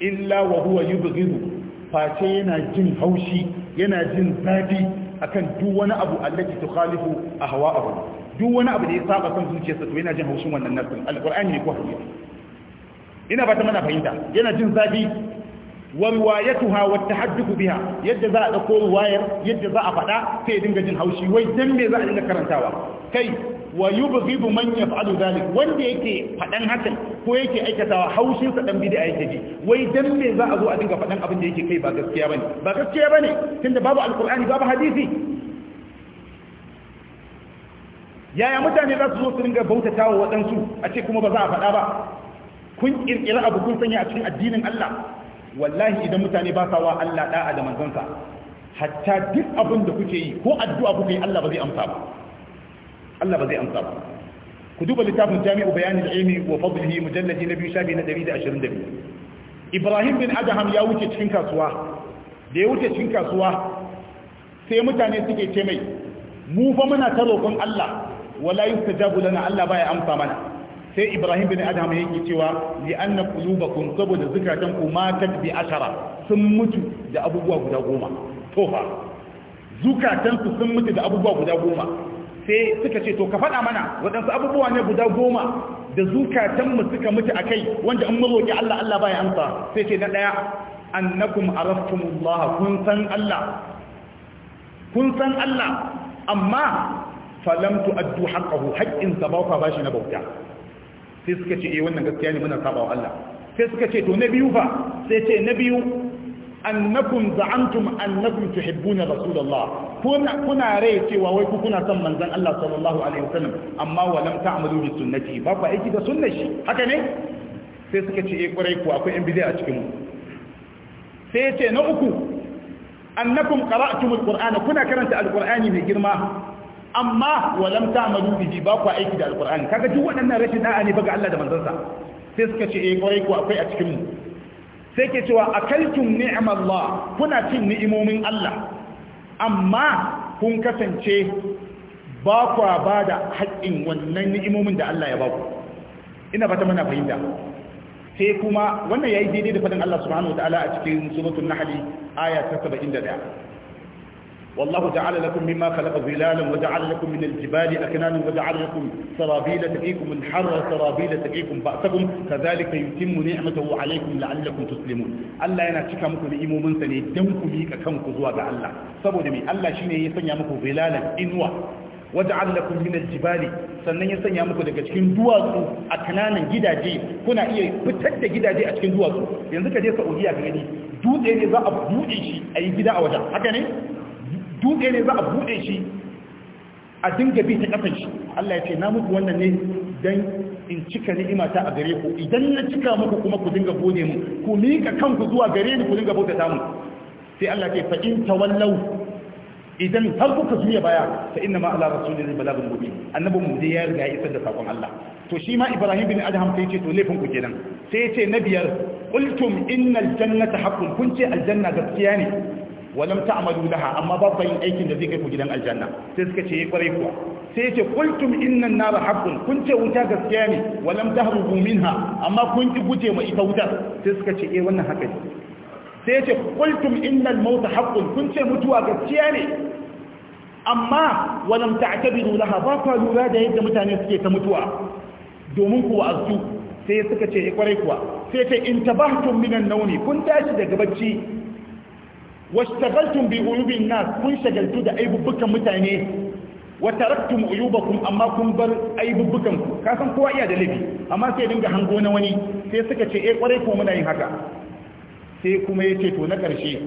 illa wa huwa yubghidu face yana jin haushi yana jin zafi akan duk wani abu allati tukhalifu ahwa'ahu duk wani abu da ya saba son zuciyarsa to yana jin haushin wannan nassin Al'ƙur'ani ne ko hadisi ina ba ta mana fahimta yana jin zafi wa riwayatuha wa tahaddathu biha yadda za a dauko riwayar yadda za a fada sai dinga jin haushi wai dan me za a dinga karantawa kai wa yubghidu man yaf'alu dhalik wanda yake faɗan hakan ko yake aikatawa haushin sa dan bid'a yake ji wai dan me za a zo a dinga faɗan abin da yake kai ba gaskiya bane ba gaskiya bane tunda babu Alƙur'ani babu hadisi yaya mutane za su zo su ringa bautata wa waɗansu a ce kuma ba za a faɗa ba kun ƙirƙira abu kun sanya a cikin addinin Allah wallahi idan mutane ba sa wa Allah da'a da manzansa hatta duk abin da kuke yi ko addu'a kuke yi Allah ba zai amsa ba Allah ba zai amsa ba ku duba littafin jami'u bayanin ilmi wa fadlihi mujalladi na biyu shafi na 122 Ibrahim bin Adham ya wuce cikin kasuwa da ya wuce cikin kasuwa sai mutane suke ce mai mu fa muna ta roƙon Allah wala yustajabu lana Allah baya amsa mana sai Ibrahim bin Adam yake cewa li anna qulubakum saboda zukatan ku matat bi ashara sun mutu da abubuwa guda goma to fa zukatan su sun mutu da abubuwa guda goma sai suka ce to ka faɗa mana waɗansu abubuwa ne guda goma da zukatan mu suka mutu akai wanda an maroki Allah Allah baya amsa sai ce na daya annakum araftumullah kun san Allah kun san Allah amma falam tu'addu haqqahu haqqin sa ba ku bashi na bauta sai suka ce eh wannan gaskiya ne muna saba wa Allah sai suka ce to na biyu fa sai ce na biyu annakum za'antum annakum tuhibbuna rasulullah kuna kuna rai cewa wai ku kuna son manzon Allah sallallahu alaihi wasallam amma wa lam ta'malu bi sunnati ba ku aiki da sunnar shi haka ne sai suka ce eh kurai ku akwai in bid'a a cikin mu sai ce na uku annakum qara'tum alqur'ana kuna karanta alqur'ani mai girma amma walam ta'malu bihi ba ku aiki da alqur'ani kaga duk waɗannan rashin da'a ne baga Allah da manzansa sai suka ce eh kwarai ku akwai a cikin mu sai ke cewa akaltum ni'mallah kuna cin ni'imomin Allah amma kun kasance ba ku ba da haƙƙin wannan ni'imomin da Allah ya ba ku ina fata muna fahimta sai kuma wannan yayi daidai da fadin Allah subhanahu Ta'ala a cikin suratul nahl aya ta 71 والله جعل لكم مما خلق ظلالا وجعل لكم من الجبال أكنانا وجعل لكم سرابيل تقيكم الحر سرابيل تقيكم بأسكم كذلك يتم نعمته عليكم لعلكم تسلمون الله yana cika muku ni'imomin sa ne dan ku mika kanku zuwa ga Allah saboda mai Allah shine ya sanya muku zilalan inwa waja'al lakum min al-jibali sannan ya sanya muku daga cikin duwatsu a kananan gidaje kuna iya fitar da gidaje a cikin duwatsu yanzu ka je Saudiya ka gani dutse za a buɗe shi a yi gida a wajen haka ne Duke ne za a buɗe shi a dinga bi ta kafin shi Allah ya ce na muku wannan ne don in cika ni'imata a gare ku idan na cika muku kuma ku dinga gode mu ku miƙa kanku zuwa gare ni ku dinga bauta mu sai Allah ya ce fa in tawallau idan har kuka juya baya fa inna ma ala rasulillahi balagul mubin annabi mu dai ya riga ya isar da sakon Allah to shi ma ibrahim bin adham sai ce to laifin ku kenan sai ce na biyar qultum innal jannata haqqun kun ce aljanna gaskiya ne walam a laha amma ba ku yin aikin da zai kai ku gidan aljanna sai suka ce eh, kwarai kuwa sai ce qultum inna an-nar haqqun kun ce wuta gaskiya ne walam tahrubu minha amma kun guje ma ita wutar sai suka ce eh, wannan haka ne sai ce qultum inna maut haqqun kun ce mutuwa gaskiya ne amma walam ta'tabiru laha ba ku lura da yadda mutane suke ta mutuwa domin kuwa wa'azu sai suka ce eh, kwarai kuwa sai ce in tabahtum minan nauni kun tashi daga bacci washtagaltum bi uyubin nas kun shagaltu da aibubbukan mutane wa taraktum uyubakum amma kun bar aibubbukan ku ka san kowa iya da laifi amma sai dinga hango na wani sai suka ce eh kwarai ko muna yin haka sai kuma yace to na karshe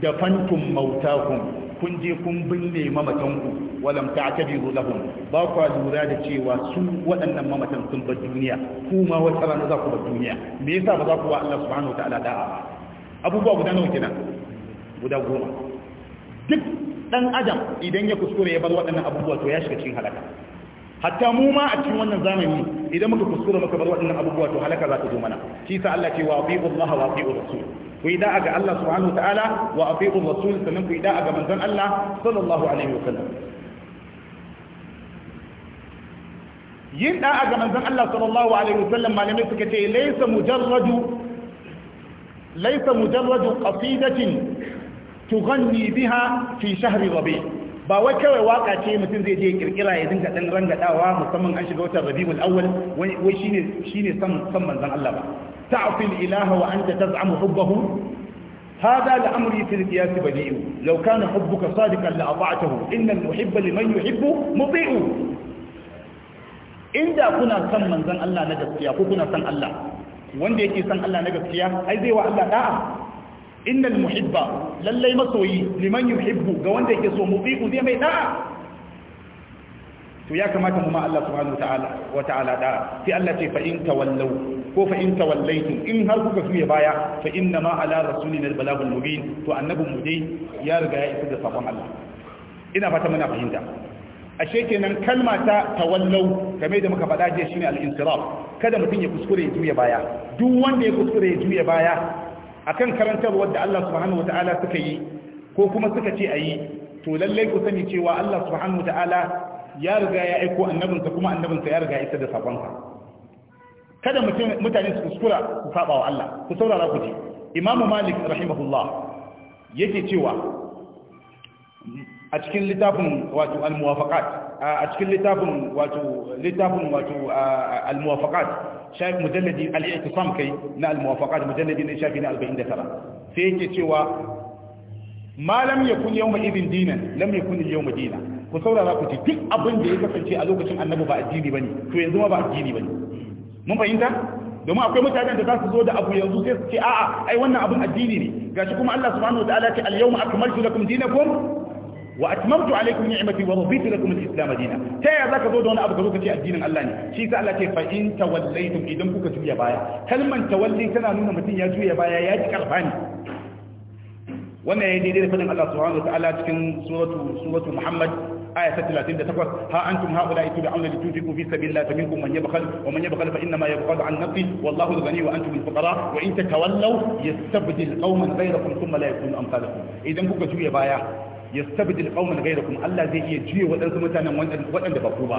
da fantum mautakum kun je kun binne mamatan ku walam ta'tabiru lahum ba ku lura da cewa su waɗannan mamatan sun bar duniya kuma wata rana za ku bar duniya me yasa ba za ku wa Allah subhanahu wa ta'ala da'a abubuwa guda nawa kenan guda goma duk dan adam idan ya kuskure ya bar waɗannan abubuwa to ya shiga cikin halaka hatta mu ma a cikin wannan zamani idan muka kuskure muka bar waɗannan abubuwa to halaka za ta zo mana shi sa Allah ce wa atiu Allah wa atiu Rasul ku yi da'a ga Allah subhanahu ta'ala wa atiu Rasul sannan ku yi da'a ga manzon Allah sallallahu alaihi wa sallam yin da'a ga manzon Allah sallallahu alaihi wa sallam malamai suka ce laysa mujarradu laysa mujarradu qasidatin tughanni biha fi shahri rabi ba wai kawai waka ce mutum zai je kirkira ya dinga dan rangadawa musamman an shiga watan rabiul awwal wai shine shine san san manzon Allah ba ta'fil ilaha wa anta taz'amu hubbahu هذا الأمر في القياس بديع لو كان حبك صادقا لأطعته إن المحب لمن يحب مطيع إن كنا سن من الله نجسيا كنا سن الله وان دي سن الله نجسيا أي زي الله داعا innal muhibba lallai masoyi liman yuhibbu ga wanda yake so mubiku zai mai da'a to ya kamata mu ma Allah subhanahu ta'ala wa ta'ala da sai Allah ce fa in tawallu ko fa in tawallaitu in har kuka fiye baya fa inna ma ala rasulina albalagul mubin to annabin mu dai ya riga ya isa da sabon Allah ina fata muna fahimta ashe kenan kalma ta tawallu game da muka faɗa jiya shine al-insiraf kada mutum ya kuskure ya juya baya duk wanda ya kuskure ya juya baya akan karantarwar da Allah subhanahu wata'ala suka yi ko kuma suka ce a yi to lallai ku sani cewa Allah subhanahu wata'ala ya riga ya aiko annabinsa kuma annabinsa ya riga ya isa da sabonsa kada mutane su kuskura su saba wa Allah ku saurara ku ji imamu malik rahimahullah yake cewa a cikin littafin wato al a cikin littafin wato littafin wato al shafi mujalladi al kai na al-muwafaqat mujalladi ne shafi na 49 sai yake cewa ma lam yakun yawma idin dinan lam yakun yawma dinan ku saurara ku duk abin da ya kasance a lokacin annabi ba addini bane to yanzu ba addini mun fahimta domin akwai mutanen da za su zo da abu yanzu sai su ce a'a ai wannan abin addini ne gashi kuma Allah subhanahu wataala ce al-yawma akmaltu lakum dinakum wa atmamtu alaykum ni'mati wa raditu lakum al-islam dina ta ya zaka zo da wani abu ka zo ce addinin Allah ne shi sa Allah ce fa in tawallaytum idan kuka juya baya kalman tawalli tana nuna mutum ya juya baya ya ji karfani wannan yayi daidai da fadin Allah subhanahu wa ta'ala cikin suratu suratu Muhammad آية 38 ها أنتم هؤلاء تدعون لتنفقوا في سبيل الله فمنكم من يبخل ومن يبخل فإنما يبخل عن نفسه والله الغني وأنتم الفقراء وإن تتولوا يستبدل قوما غيركم ثم لا يكونوا أمثالكم إذا كوكا شوية بايا yastabdil qauman kuma Allah zai iya juye waɗansu mutanen waɗanda ba ku ba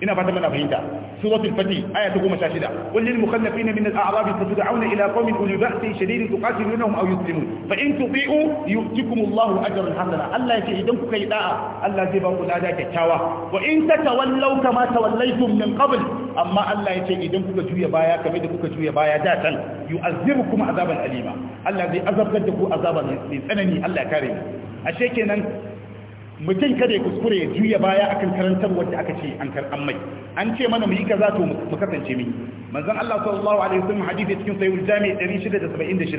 ina fata mana fahimta suratul fati aya ta goma sha 16 wallil mukhallafina min al-a'rab auna ila qaumin uli ba'sin shadidin tuqatilunhum aw yuslimun fa in tuti'u yu'tikum Allahu ajran hasana Allah yake idan kuka yi da'a Allah zai ba ku lada kyakkyawa wa in tatawallaw kama tawallaytum min qabl amma Allah yake idan kuka juya baya kamar da kuka juya baya da tan yu'azzibukum azaban alima Allah zai azabtar da ku azaban mai tsanani Allah kare ashe kenan mutum kada ya kuskure ya juya baya akan karantar wanda aka ce an karɓan mai an ce mana mu yi kaza to mu kasance mu manzon Allah sallallahu alaihi wasallam hadisi cikin sahihul jami 676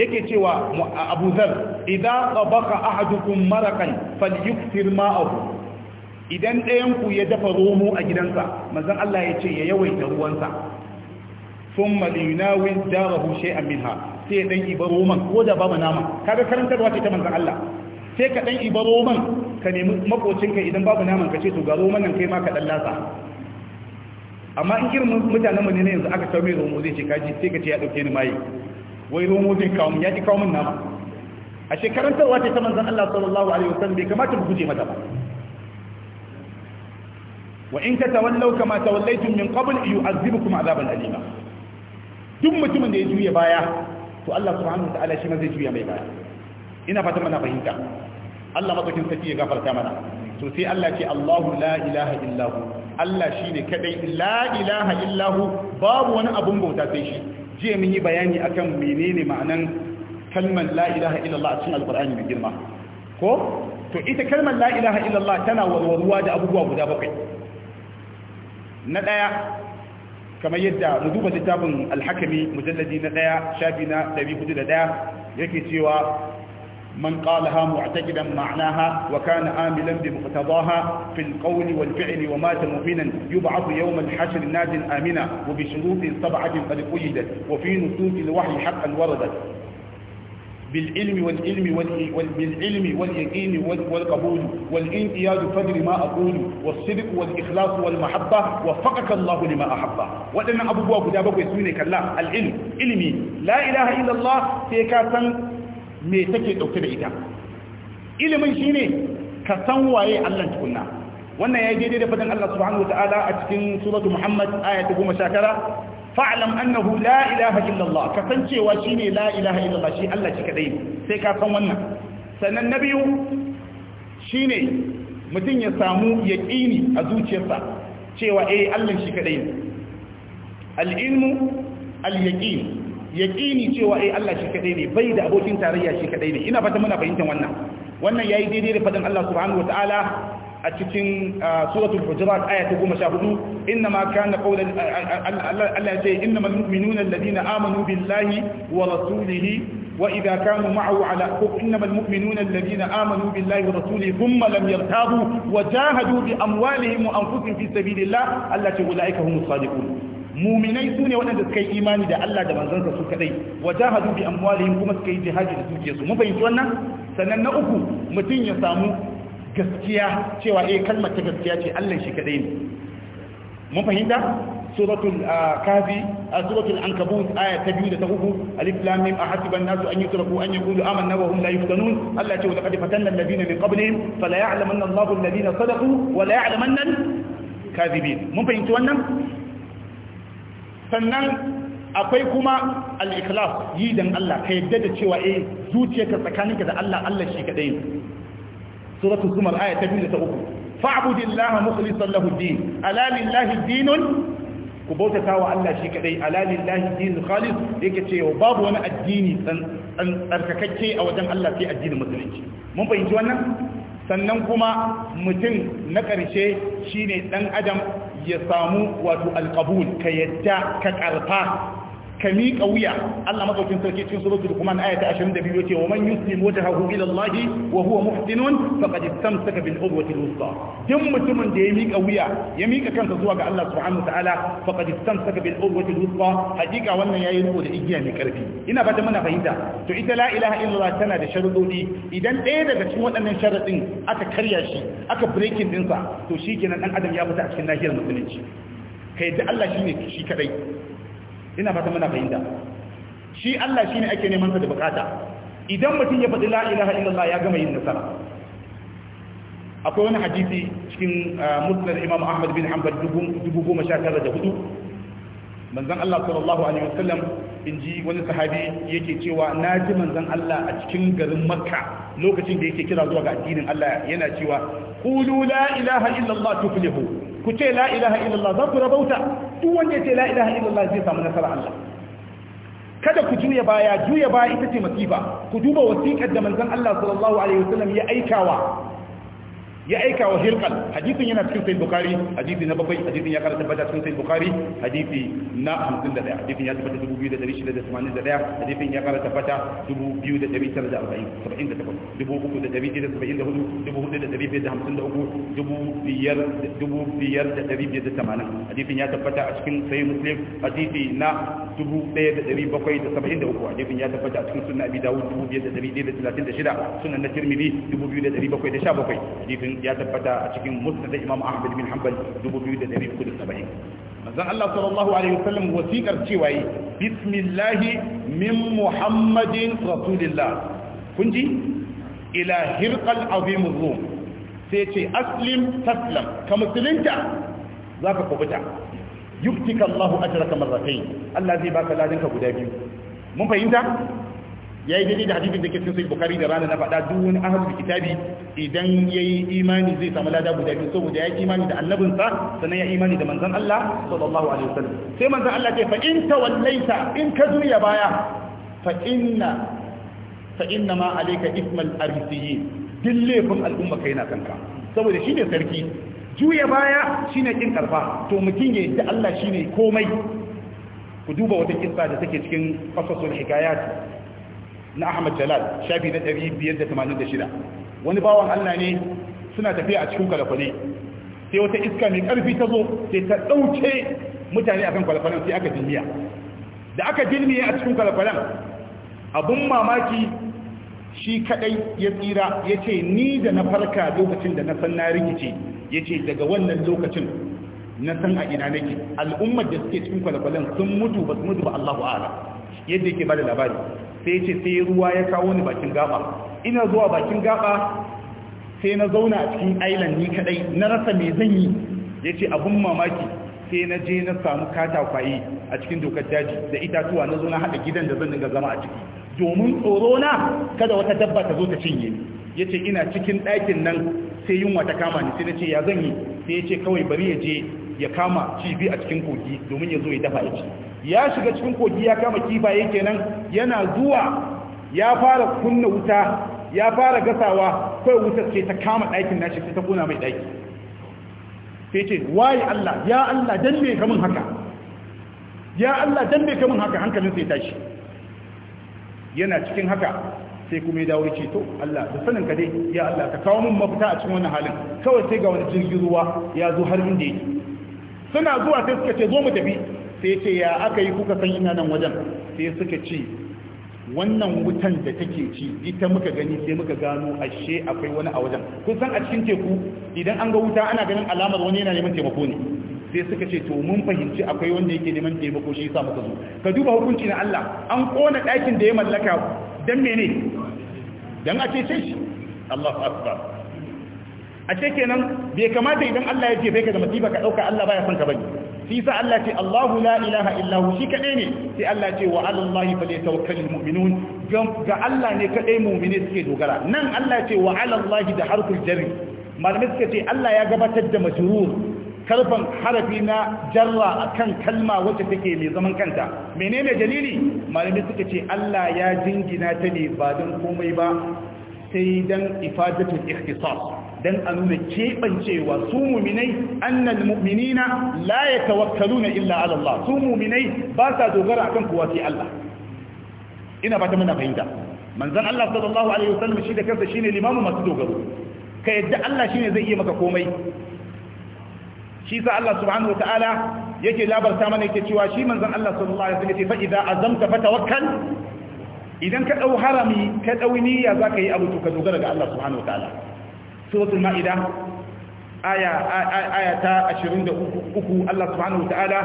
yake cewa Abu Dharr idza tabaqa ahadukum maraqan falyukthir ma'ahu idan ɗayan ku ya dafa romo a gidansa manzon Allah ya ce ya yawaita ruwansa thumma liyunawil darahu shay'an minha sai dan iba roman ko da babu nama kaga karantarwa ce ta manzon Allah sai ka dan iba roman ka nemi makocinka idan babu naman ka ce to ga roman nan kai ma ka dan latsa amma in irin mutanen mu ne yanzu aka kawo mai romo zai ce kaji sai ka ce ya dauke ni mai wai romo zai kawo ya ki kawo min nama a shekarantarwa ce ta manzon Allah sallallahu alaihi wasallam bai kamata mu guje mata ba wa in ka tawallau kama tawallaitum min qabl yu'azzibukum azaban alima duk mutumin da ya juya baya to Allah subhanahu wa ta'ala shi ma zai juya mai baya ina fata mana fahimta Allah madaukin sarki ya gafarta mana to sai Allah ce Allahu la ilaha illahu Allah shine kadai la ilaha illahu babu wani abun bauta sai shi jiya mun yi bayani akan menene ma'anan kalmar la ilaha illallah a cikin alqur'ani mai girma ko to ita kalmar la ilaha illallah tana warwaruwa da abubuwa guda bakwai na daya kamar yadda mu duba littafin alhakami mujalladi na daya shafi na 401 yake cewa من قالها معتقدا معناها وكان آملا بمقتضاها في القول والفعل ومات مؤمنا يبعث يوم الحشر ناد آمنا وبشروط سبعة قد قيدت وفي نصوص الوحي حقا وردت بالعلم والعلم والعلم واليقين والقبول والانقياد فجر ما اقول والصدق والاخلاص والمحبه وفقك الله لما احبه ودنا ابو بكر ابو sune kalla al العلم علمي لا اله الا الله sai me take dauke da ita ilimin shine ka san waye Allah tukunna wannan ya daidai da fadin Allah subhanahu wataala a cikin suratu Muhammad aya ta 19 fa'lam annahu la ilaha illallah ka san cewa shine la ilaha illallah shi Allah shi kadai sai ka san wannan sannan na biyu shine mutum ya samu yaqini a zuciyarsa cewa eh Allah shi kadai al-ilmu al-yaqin yaqini cewa eh Allah shi kadai ne bai da abokin tarayya shi kadai ne ina fata muna fahimtar wannan wannan yayi daidai da fadin Allah subhanahu wataala a cikin suratul hujurat aya ta 14 inma kana qawlan Allah ya ce innamal mu'minuna alladhina amanu billahi wa rasulihi وإذا كانوا معه على إنما المؤمنون الذين آمنوا بالله ورسوله ثم لم يرتابوا وجاهدوا بأموالهم fi في سبيل الله التي أولئك هم الصادقون muminai su ne waɗanda suka yi imani da Allah da manzansa su kadai wajahadu bi amwalihim kuma suka yi jihadi da dukiyarsu mun fahimci wannan sannan na uku mutum ya samu gaskiya cewa eh kalmar ta gaskiya ce Allah shi kadai ne mun fahimta suratul ah, kafi ah, suratul ankabut aya ta biyu da ta uku alif lam mim ahasiban nasu an yutraku an yaqulu amanna wa hum la yuftanun Allah ce wa laqad fatanna alladhina min qablihim fala ya'lamanna Allahu alladhina sadaqu wa la ya'lamanna kadhibin mun fahimci wannan sannan akwai kuma al-ikhlas yi dan Allah ka yadda da cewa e zuciyarka tsakaninka da Allah Allah shi kadai suratul sumar aya ta da ta uku fa'budillaha mukhlishan lahu din ala lillahi ku bautata wa Allah shi kadai ala lillahi dinul khalis yake cewa babu wani addini dan tsarkakakke a wajen Allah fi addinin musulunci mun fahimci wannan sannan kuma mutum na karshe shine ɗan adam ya samu wato alqabul ka yadda ka karfa ka miƙa wuya Allah madaukin sarki cikin suratul Luqman aya ta 22 yace wa man yuslim wajhahu ila Allah wa huwa muhsinun faqad istamsaka bil urwati al-wusta duk mutumin da ya miƙa wuya ya miƙa kanka zuwa ga Allah subhanahu wa ta'ala faqad istamsaka bil urwati al-wusta hakika wannan yayi riko da igiya mai karfi ina fata muna fahimta to ita la ilaha illallah tana da sharuɗi idan ɗaya daga cikin waɗannan sharuɗin aka karya shi aka breaking dinsa to shikenan dan adam ya fita a cikin nahiyar musulunci kai da Allah shine shi kadai ina fata mana fahimta shi Allah shine ake neman sa da bukata idan mutum ya faɗi la ilaha illallah ya gama yin nasara akwai wani hadisi cikin uh, musnad imam ahmad bin hanbal dubu goma da hudu manzon Allah sallallahu alaihi wasallam in wani sahabi yake cewa na ji manzon Allah a cikin garin makka lokacin da yake kira zuwa ga addinin Allah yana cewa qulu la ilaha illallah tuflihu ku ce la ilaha illallah za ku rabauta duk wanda ya ce la ilaha illallah zai samu nasara Allah kada ku juya baya juya baya ita ce masifa ku duba wasiƙar da manzon Allah sallallahu alaihi wasallam ya aikawa ya aika wa hirqal yana cikin na bakwai ya karanta bada cikin na 51 ya tabbata 2681 ya karanta bada 2940 ya tabbata a cikin muslim na 1773 ya tabbata a cikin abi dawud sunan na tirmidhi 2717 hadisin ya tabbata a cikin musnad Imam Ahmad bin Hanbal 2370 manzon Allah sallallahu alaihi wasallam wasiƙar cewa yi bismillah min muhammadin rasulillah kun ji ila hirqal azim rum sai ce aslim taslam ka musulunta zaka kubuta yuktika Allah ajraka marratayn Allah zai baka ladan ka guda biyu mun fahimta Yayi yi daidai da hadisin da ke cikin sai bukari da rana na faɗa duk wani ahlul kitabi idan ya yi imani zai samu lada guda biyu saboda ya yi imani da annabinsa sannan ya imani da manzon Allah sallallahu alaihi wasallam sai manzon Allah ce fa in tawallaita in ka juya baya fa inna fa inna ma alayka ismal arisiyin dillefin al'umma kai na kanka saboda shi ne sarki juya baya shine kin karfa to mutum ya yi Allah shine komai ku duba wata kissa da take cikin fasasul hikayat na Ahmad Jalal shafi na 586 wani bawan Allah ne suna tafiya a cikin kwalafale sai wata iska mai karfi ta zo sai ta dauke mutane akan kwalafalen sai aka dilmiya da aka dilmiya a cikin kwalafalen abun mamaki shi kaɗai ya tsira ya ce ni da na farka lokacin da na san na rikice ya ce daga wannan lokacin na san a ina nake al'ummar da suke cikin kwalakwalan sun mutu ba su mutu ba Allahu ala yadda yake ba da labari sai ce sai ruwa ya kawo ni bakin gaba ina zuwa bakin gaba sai na zauna a cikin island ni kadai na rasa me zan yi yace abun mamaki sai na je na samu katakwaye a cikin dokar daji da itatuwa na zo na hada gidan da zan dinga zama a ciki domin tsoro na kada wata dabba ta zo ta cinye ni yace ina cikin ɗakin nan sai yunwa ta kama ni sai na ce ya zan yi sai ya ce kawai bari ya je ya kama cibi a cikin kogi domin ya zo ya dafa ya ya shiga cikin kogi ya kama kifaye kenan yana zuwa ya fara kunna wuta ya fara gasawa kai wutar ce ta kama ɗakin nashi ta kuna mai ɗaki sai ce waye Allah ya Allah dan me kamun haka ya Allah dan me kamun haka hankalin sai tashi yana cikin haka sai kuma ya dawo ce to Allah da sanin ka dai ya Allah ka kawo mun mafita a cikin wannan halin kawai sai ga wani jirgin ruwa ya zo har inda yake suna zuwa sai suka ce zo mu tafi sai ce ya aka yi kuka san ina nan wajen sai suka ce wannan wutan da take ci ita muka gani sai muka gano ashe akwai wani a wajen kun san a cikin teku idan an ga wuta ana ganin alamar wani yana neman taimako ne sai suka ce to mun fahimci akwai wanda yake neman taimako shi yasa muka zo ka duba hukunci na Allah an kona ɗakin da ya mallaka dan mene dan a ce sai shi Allahu akbar a ce kenan bai kamata idan Allah ya bai ka da masifa ka dauka Allah baya son ka bane Sisa sa Allah ce Allahu la ilaha illahu shi kadai ne sai Allah ce wa alallahi falyatawakkalul mu'minun ga Allah ne kadai mu'mini suke dogara nan Allah ce wa alallahi da harful jarri malamai suka ce Allah ya gabatar da majrur kalban harafi na jarra akan kalma wacce take mai zaman kanta menene dalili malamai suka ce Allah ya jingina ta ne ba don komai ba sai dan ifadatul ikhtisas dan a nuna keɓancewa su muminai annal mu'minina la yatawakkaluna illa Allah su muminai ba sa dogara akan kowa sai Allah ina ba ta muna fahimta manzon Allah sallallahu alaihi wasallam shi da kansa shine limamu masu dogaro ka yadda Allah shi ne zai iya maka komai shi sa Allah subhanahu wa wataala yake labarta mana yake cewa shi manzon Allah sallallahu alaihi wasallam yace fa idza azamta fatawakkal idan ka dau harami ka dau niyya zaka yi abu to ka dogara ga Allah subhanahu wa ta'ala. suratul ma'ida aya aya ta 23 Allah subhanahu wataala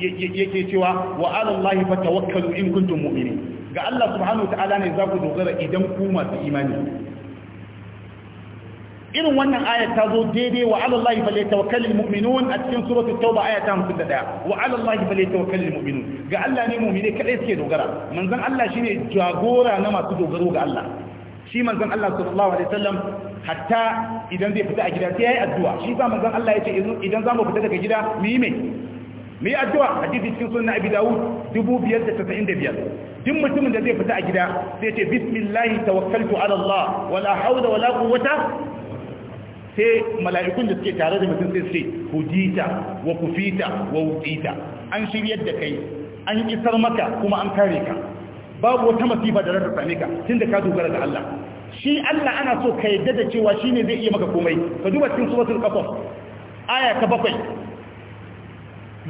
yake cewa wa 'ala Allahi fatawakkalu in kuntum mu'minin ga Allah subhanahu wataala ne zaku dogara idan ku masu imani irin wannan ayat ta zo daidai wa ala Allah bale tawakkalul mu'minun a cikin suratu tauba aya ta 51 wa ala Allah bale tawakkalul mu'minun ga Allah ne mu'mine kadai suke dogara manzon Allah shine jagora na masu dogaro ga Allah shi manzon Allah sallallahu alaihi wasallam hatta idan zai fita a gida sai yi addu'a shi sa manzon Allah yace idan mu fita daga gida mu yi mai mu yi addu'a hadisi cikin sunan Abi Dawud biyar duk mutumin da zai fita a gida sai ce bismillah ta ala Allah wala da wala quwwata sai mala'ikun da suke tare da mutum sai sai hudita wa kufita wa wudita an shiryar da kai an isar maka kuma an kare ka babu wata masifa da rarrafa same ka tunda ka dogara ga Allah shi Allah ana so ka yadda da cewa shi ne zai iya maka komai ka duba cikin suratul qasas aya ta bakwai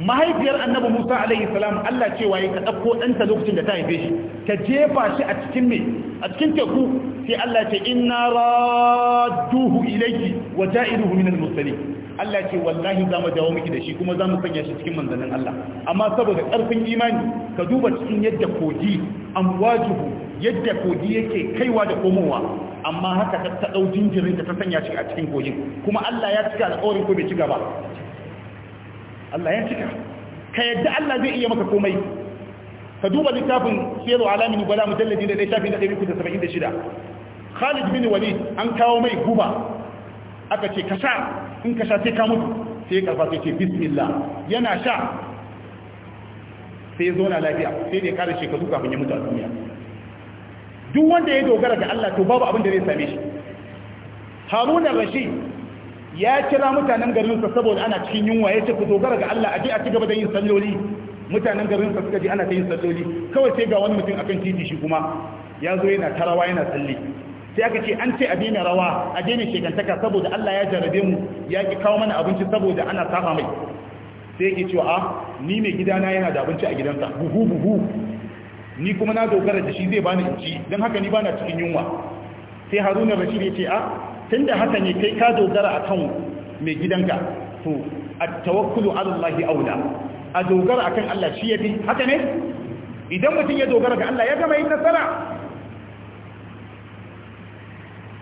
mahaifiyar annabi Musa alaihi salam Allah cewa ya dauko danta lokacin da ta haife shi ta jefa shi a cikin me a cikin teku sai Allah ya ce inna radduhu ilayki wa ja'iluhu minal mursalin Allah ce wallahi za mu jawo miki da shi kuma za mu sanya shi cikin manzannin Allah amma saboda ƙarfin imani ka duba cikin yadda kogi an wajibu yadda kogi yake kaiwa da komowa amma haka ta ta ɗau jinjirin ta sanya shi a cikin kogin kuma Allah ya cika alƙawarin ko bai cika ba Allah ya cika ka yadda Allah zai iya maka komai ka duba littafin sirru alamin gwala mujalladi da ɗaya shafi na ɗari kusa saba'in da shida Khalid bin Walid an kawo mai guba aka ce ka sha in ka sha sai ka mutu sai karfa sai ce bismillah yana sha sai zo na lafiya sai ya kare shekaru kafin ya mutu a duniya duk wanda ya dogara ga Allah to babu abin da zai same shi Haruna al-Rashid ya kira mutanen garinsa saboda ana cikin yunwa ya ce ku dogara ga Allah a je a ci gaba da yin salloli mutanen garinsa suka ji ana ta yin salloli kawai sai ga wani mutum akan titi shi kuma ya zo yana tarawa yana tsalle sai aka ce an ce a daina rawa a daina shekantaka saboda Allah ya jarabe mu ya ki kawo mana abinci saboda ana saba mai sai yake cewa ah ni mai gidana yana da abinci a gidansa buhu buhu ni kuma na dogara da shi zai bani inci don haka ni bana cikin yunwa sai haruna rashid ya ce a ah, tunda haka ne kai ka dogara akan mai gidanka to at-tawakkulu ala Allah aula a dogara akan Allah shi yafi haka ne idan mutum ya dogara ga Allah ya gama yin nasara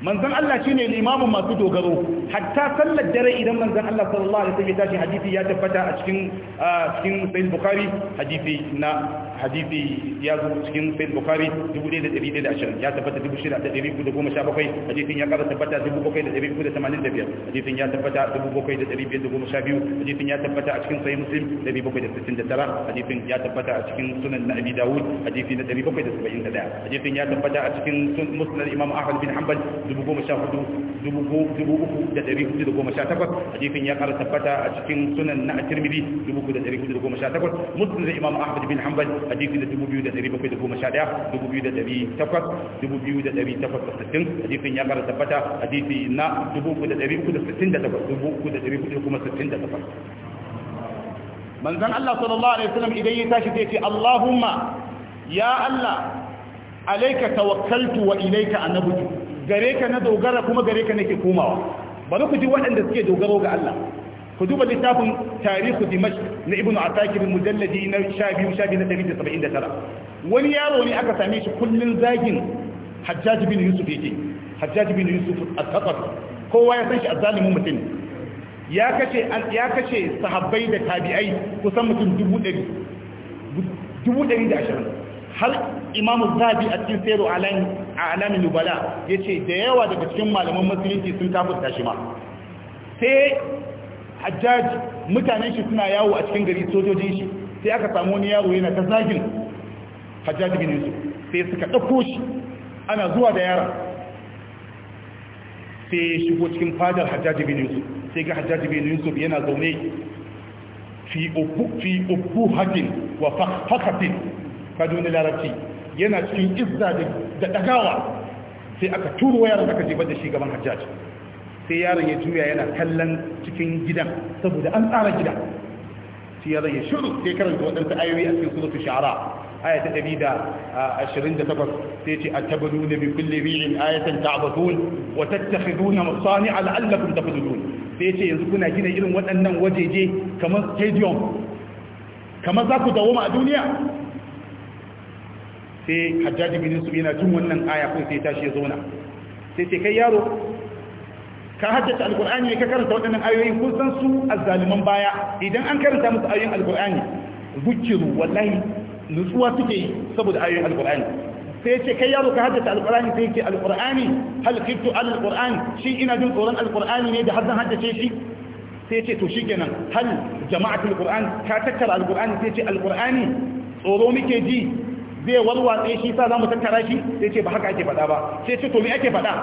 manzon Allah shine limamin masu dogaro hatta sallar dare idan manzon Allah sallallahu alaihi wasallam ya tashi hadisi ya tabbata a cikin cikin sahih bukhari hadisi na hadisi ya zo cikin sahih bukhari 1120 ya tabbata hadisin ya kara tabbata hadisin ya tabbata hadisin ya tabbata a cikin sahih muslim hadisin ya tabbata a cikin sunan na abi hadisi na hadisin ya tabbata a cikin musnad imam ahmad bin hanbal 13418 hadisin ya ƙara tabbata a cikin sunan na at-tirmidhi 3418 muslim da imam ahmad bin hanbal hadisin da 2711 2800 2860 hadisin ya ƙara tabbata hadisi na takwas. manzan Allah sallallahu Alaihi wasallam idan ya tashi zai ce Allahumma ya Allah alaika tawakkaltu wa ilaika anabutu gare ka na dogara kuma gare ka nake komawa bari ku ji waɗanda suke dogaro ga Allah ku duba littafin tarihu dimash na ibnu asakir mujalladi na 12 shafi na 179 wani yaro ne aka same shi kullun zagin hajjaj bin yusuf yake hajjaj bin yusuf al-qatar kowa ya san shi azzalimin mutum ya kace ya kace sahabbai da tabi'ai kusan mutum 120 har imamu zabi a cikin sayarwa a alamin nubala ya ce da yawa daga cikin malaman musulunci sun kafurta shi ma sai hajjaj mutanen shi suna yawo a cikin gari sojojin shi sai aka samu wani yaro yana ta zagin hajjaj gini yusuf sai suka ɗauko shi ana zuwa da yara sai ya shigo cikin fadar hajjaj gini yusuf sai ga hajjaj gini yusuf yana zaune fi ubu hakin wa fakatin ka larabci yana cikin izza da dagawa sai aka turo yaron aka jefa da shi gaban hajjaji sai yaron ya juya yana kallon cikin gidan saboda an tsara gidan sai yaron ya shiru sai karanta waɗansu ayoyi a cikin suratul shara. aya ta 128 sai ce atabaduna bi kulli ri'in ayatan ta'batun wa tattakhiduna masani'a la'allakum taflidun sai ce yanzu kuna gina irin waɗannan wajeje kamar stadium kamar za ku dawo dawoma a duniya sai hajjaji bin yusuf yana jin wannan aya kuma sai tashi ya zauna sai ce kai yaro ka hajjata alkur'ani ne ka karanta waɗannan ayoyin kun san su azzaliman baya idan an karanta musu ayoyin alkur'ani zukiru wallahi nutsuwa suke yi saboda ayoyin alkur'ani sai ce kai yaro ka hajjata alkur'ani sai ce alkur'ani hal khiftu al alkur'ani shi ina jin tsoron alkur'ani ne da har zan haddace shi sai ce to shikenan hal jama'atul qur'an ka tattara alkur'ani sai ce alkur'ani tsoro muke ji zai walwatse shi sa za mu tattara shi sai ce ba haka ake faɗa ba sai ce to me ake faɗa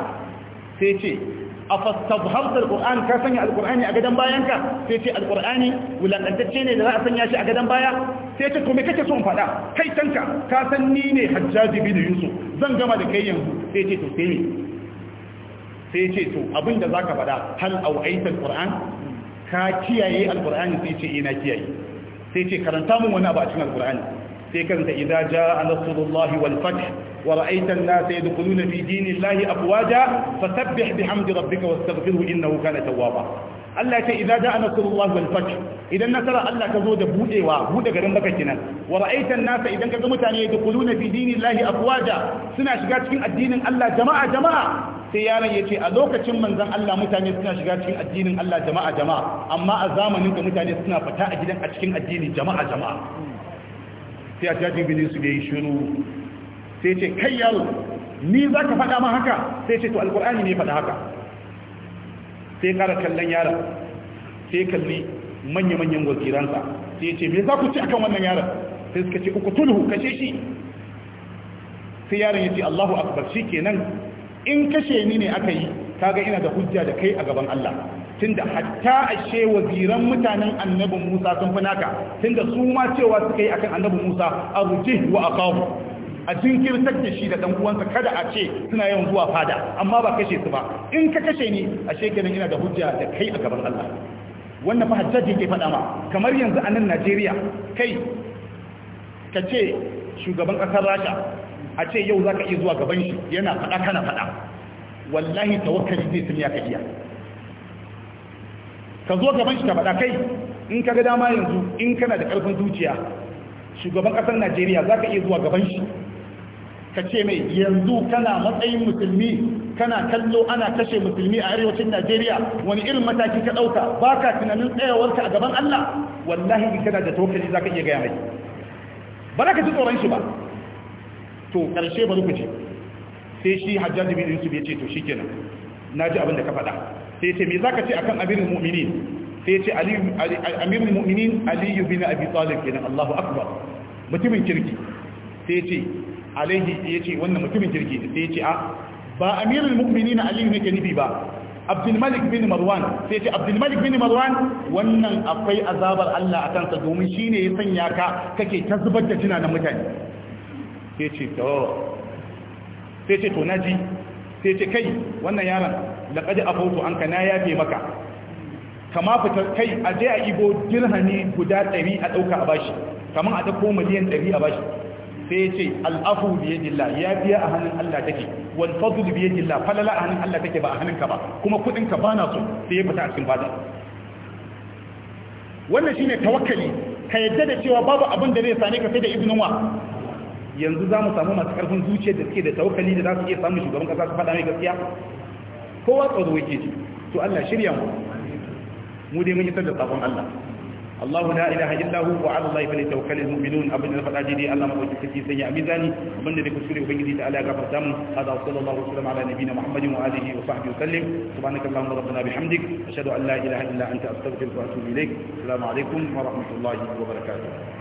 sai ce a fastabhamtar Qur'an ka sanya Alƙur'ani a bayan ka? sai ce Alƙur'ani wulakantacce ne da za a sanya shi a gadon baya sai ce to me kake son faɗa kai tanka ka san ni ne Hajjaji da Yusuf zan gama da kai yanzu sai ce to sai ne sai ce to abinda zaka faɗa hal au'aita alqur'an ka kiyaye Alƙur'ani sai ce ina eh, kiyaye sai ce karanta mun wani abu a cikin Alƙur'ani. sai kanta idza jaa nasrullahi wal fath wa ra'aita an-nasa yadkhuluna fi dinillahi afwaja fasabbih bihamdi rabbika wastaghfirhu innahu kana tawwaba Allah ce idza jaa nasrullahi wal fath idan nasara Allah ka zo da budewa bude garin baka kinan wa ra'aita an-nasa idan ka ga mutane yadkhuluna fi dinillahi afwaja suna shiga cikin addinin Allah jama'a jama'a sai yaron ya ce a lokacin manzan Allah mutane suna shiga cikin addinin Allah jama'a jama'a amma a zamanin ka mutane suna fita a gidan a cikin addini jama'a jama'a sai a tafi su da yi shiru sai ce kai yaro ni za ka faɗa ma haka sai ce to alkur'ani ne faɗa haka sai kara kallon yaron sai kalli manya-manyan waziransa sai ce me za ku ci akan wannan yaron sai suka ce uku tulhu kashe shi sai yaron ya ce allahu akbar shi kenan in kashe ni ne aka yi kaga ina da hujja da kai a gaban allah tunda hatta ashe waziran mutanen annabi Musa sun fi naka tunda su ma cewa suka yi akan annabi Musa a ruce wa aqahu a jinkirtar da shi da dan uwansa kada a ce suna yawan zuwa fada amma ba kashe su ba in ka kashe ni ashe kenan ina da hujja da kai a gaban Allah wannan fa hajjaji ke faɗa ma kamar yanzu a nan Najeriya kai ka ce shugaban ƙasar Rasha a ce yau zaka iya zuwa gaban shi yana faɗa kana faɗa wallahi tawakkali ne sun ya ka iya ka zo gaban shi ka faɗa kai in ka ga dama yanzu in kana da ƙarfin zuciya shugaban ƙasar najeriya za ka iya zuwa gaban shi ka ce mai yanzu kana matsayin musulmi kana kallo ana kashe musulmi a arewacin najeriya wani irin mataki ka ɗauka ba ka tunanin tsayawarka a gaban allah wallahi in kana da tokali za ka iya gaya mai ba za ka ji tsoron shi ba to ƙarshe ba ku ce sai shi hajjar da bin yusuf ya ce to shi kenan na ji abin da ka faɗa sai ce me zaka ce akan amirul mu'minin sai ce ali amirul mu'minin ali ibn abi talib kenan Allahu akbar mutumin kirki sai ce alaihi yace wannan mutumin kirki sai ce a ba amirul mu'minin ali ne ke nufi ba Malik bin marwan sai ce Malik bin marwan wannan akwai azabar Allah a kansa domin shine ya sanya ka kake ta zubar da jina mutane sai ce to sai ce to naji sai ce kai wannan yaron laqad afawtu anka na yafe maka kama fitar kai a je a ibo dirhami guda 100 a dauka a bashi kaman a dauko miliyan 100 a bashi sai ce al'afu biye dilla ya biya a hannun Allah take wal fadl biye dilla falala a hannun Allah take ba a hannunka ba kuma kudin ka bana so sai ya fita a cikin bada wannan shine tawakkali ka yadda da cewa babu abin da zai sane ka sai da ibnu wa yanzu za mu samu masu karfin zuciya da suke da tawakkali da za su iya samun shugaban kasa su faɗa mai gaskiya kowa tsoro yake ji to Allah shirya mu mu dai mun yi sadda sabon Allah الله لا إله إلا هو وعلى الله فليتوكل المؤمنون أبن الفراجدي الله مبوك سكي سيء ميزاني من ذلك سوري وبنجدي تعالى غفر دم هذا صلى الله وسلم على نبينا محمد وآله وصحبه وسلم سبحانك اللهم ربنا بحمدك أشهد أن لا إله إلا أنت أستغفرك وأتوب إليك السلام عليكم ورحمة الله وبركاته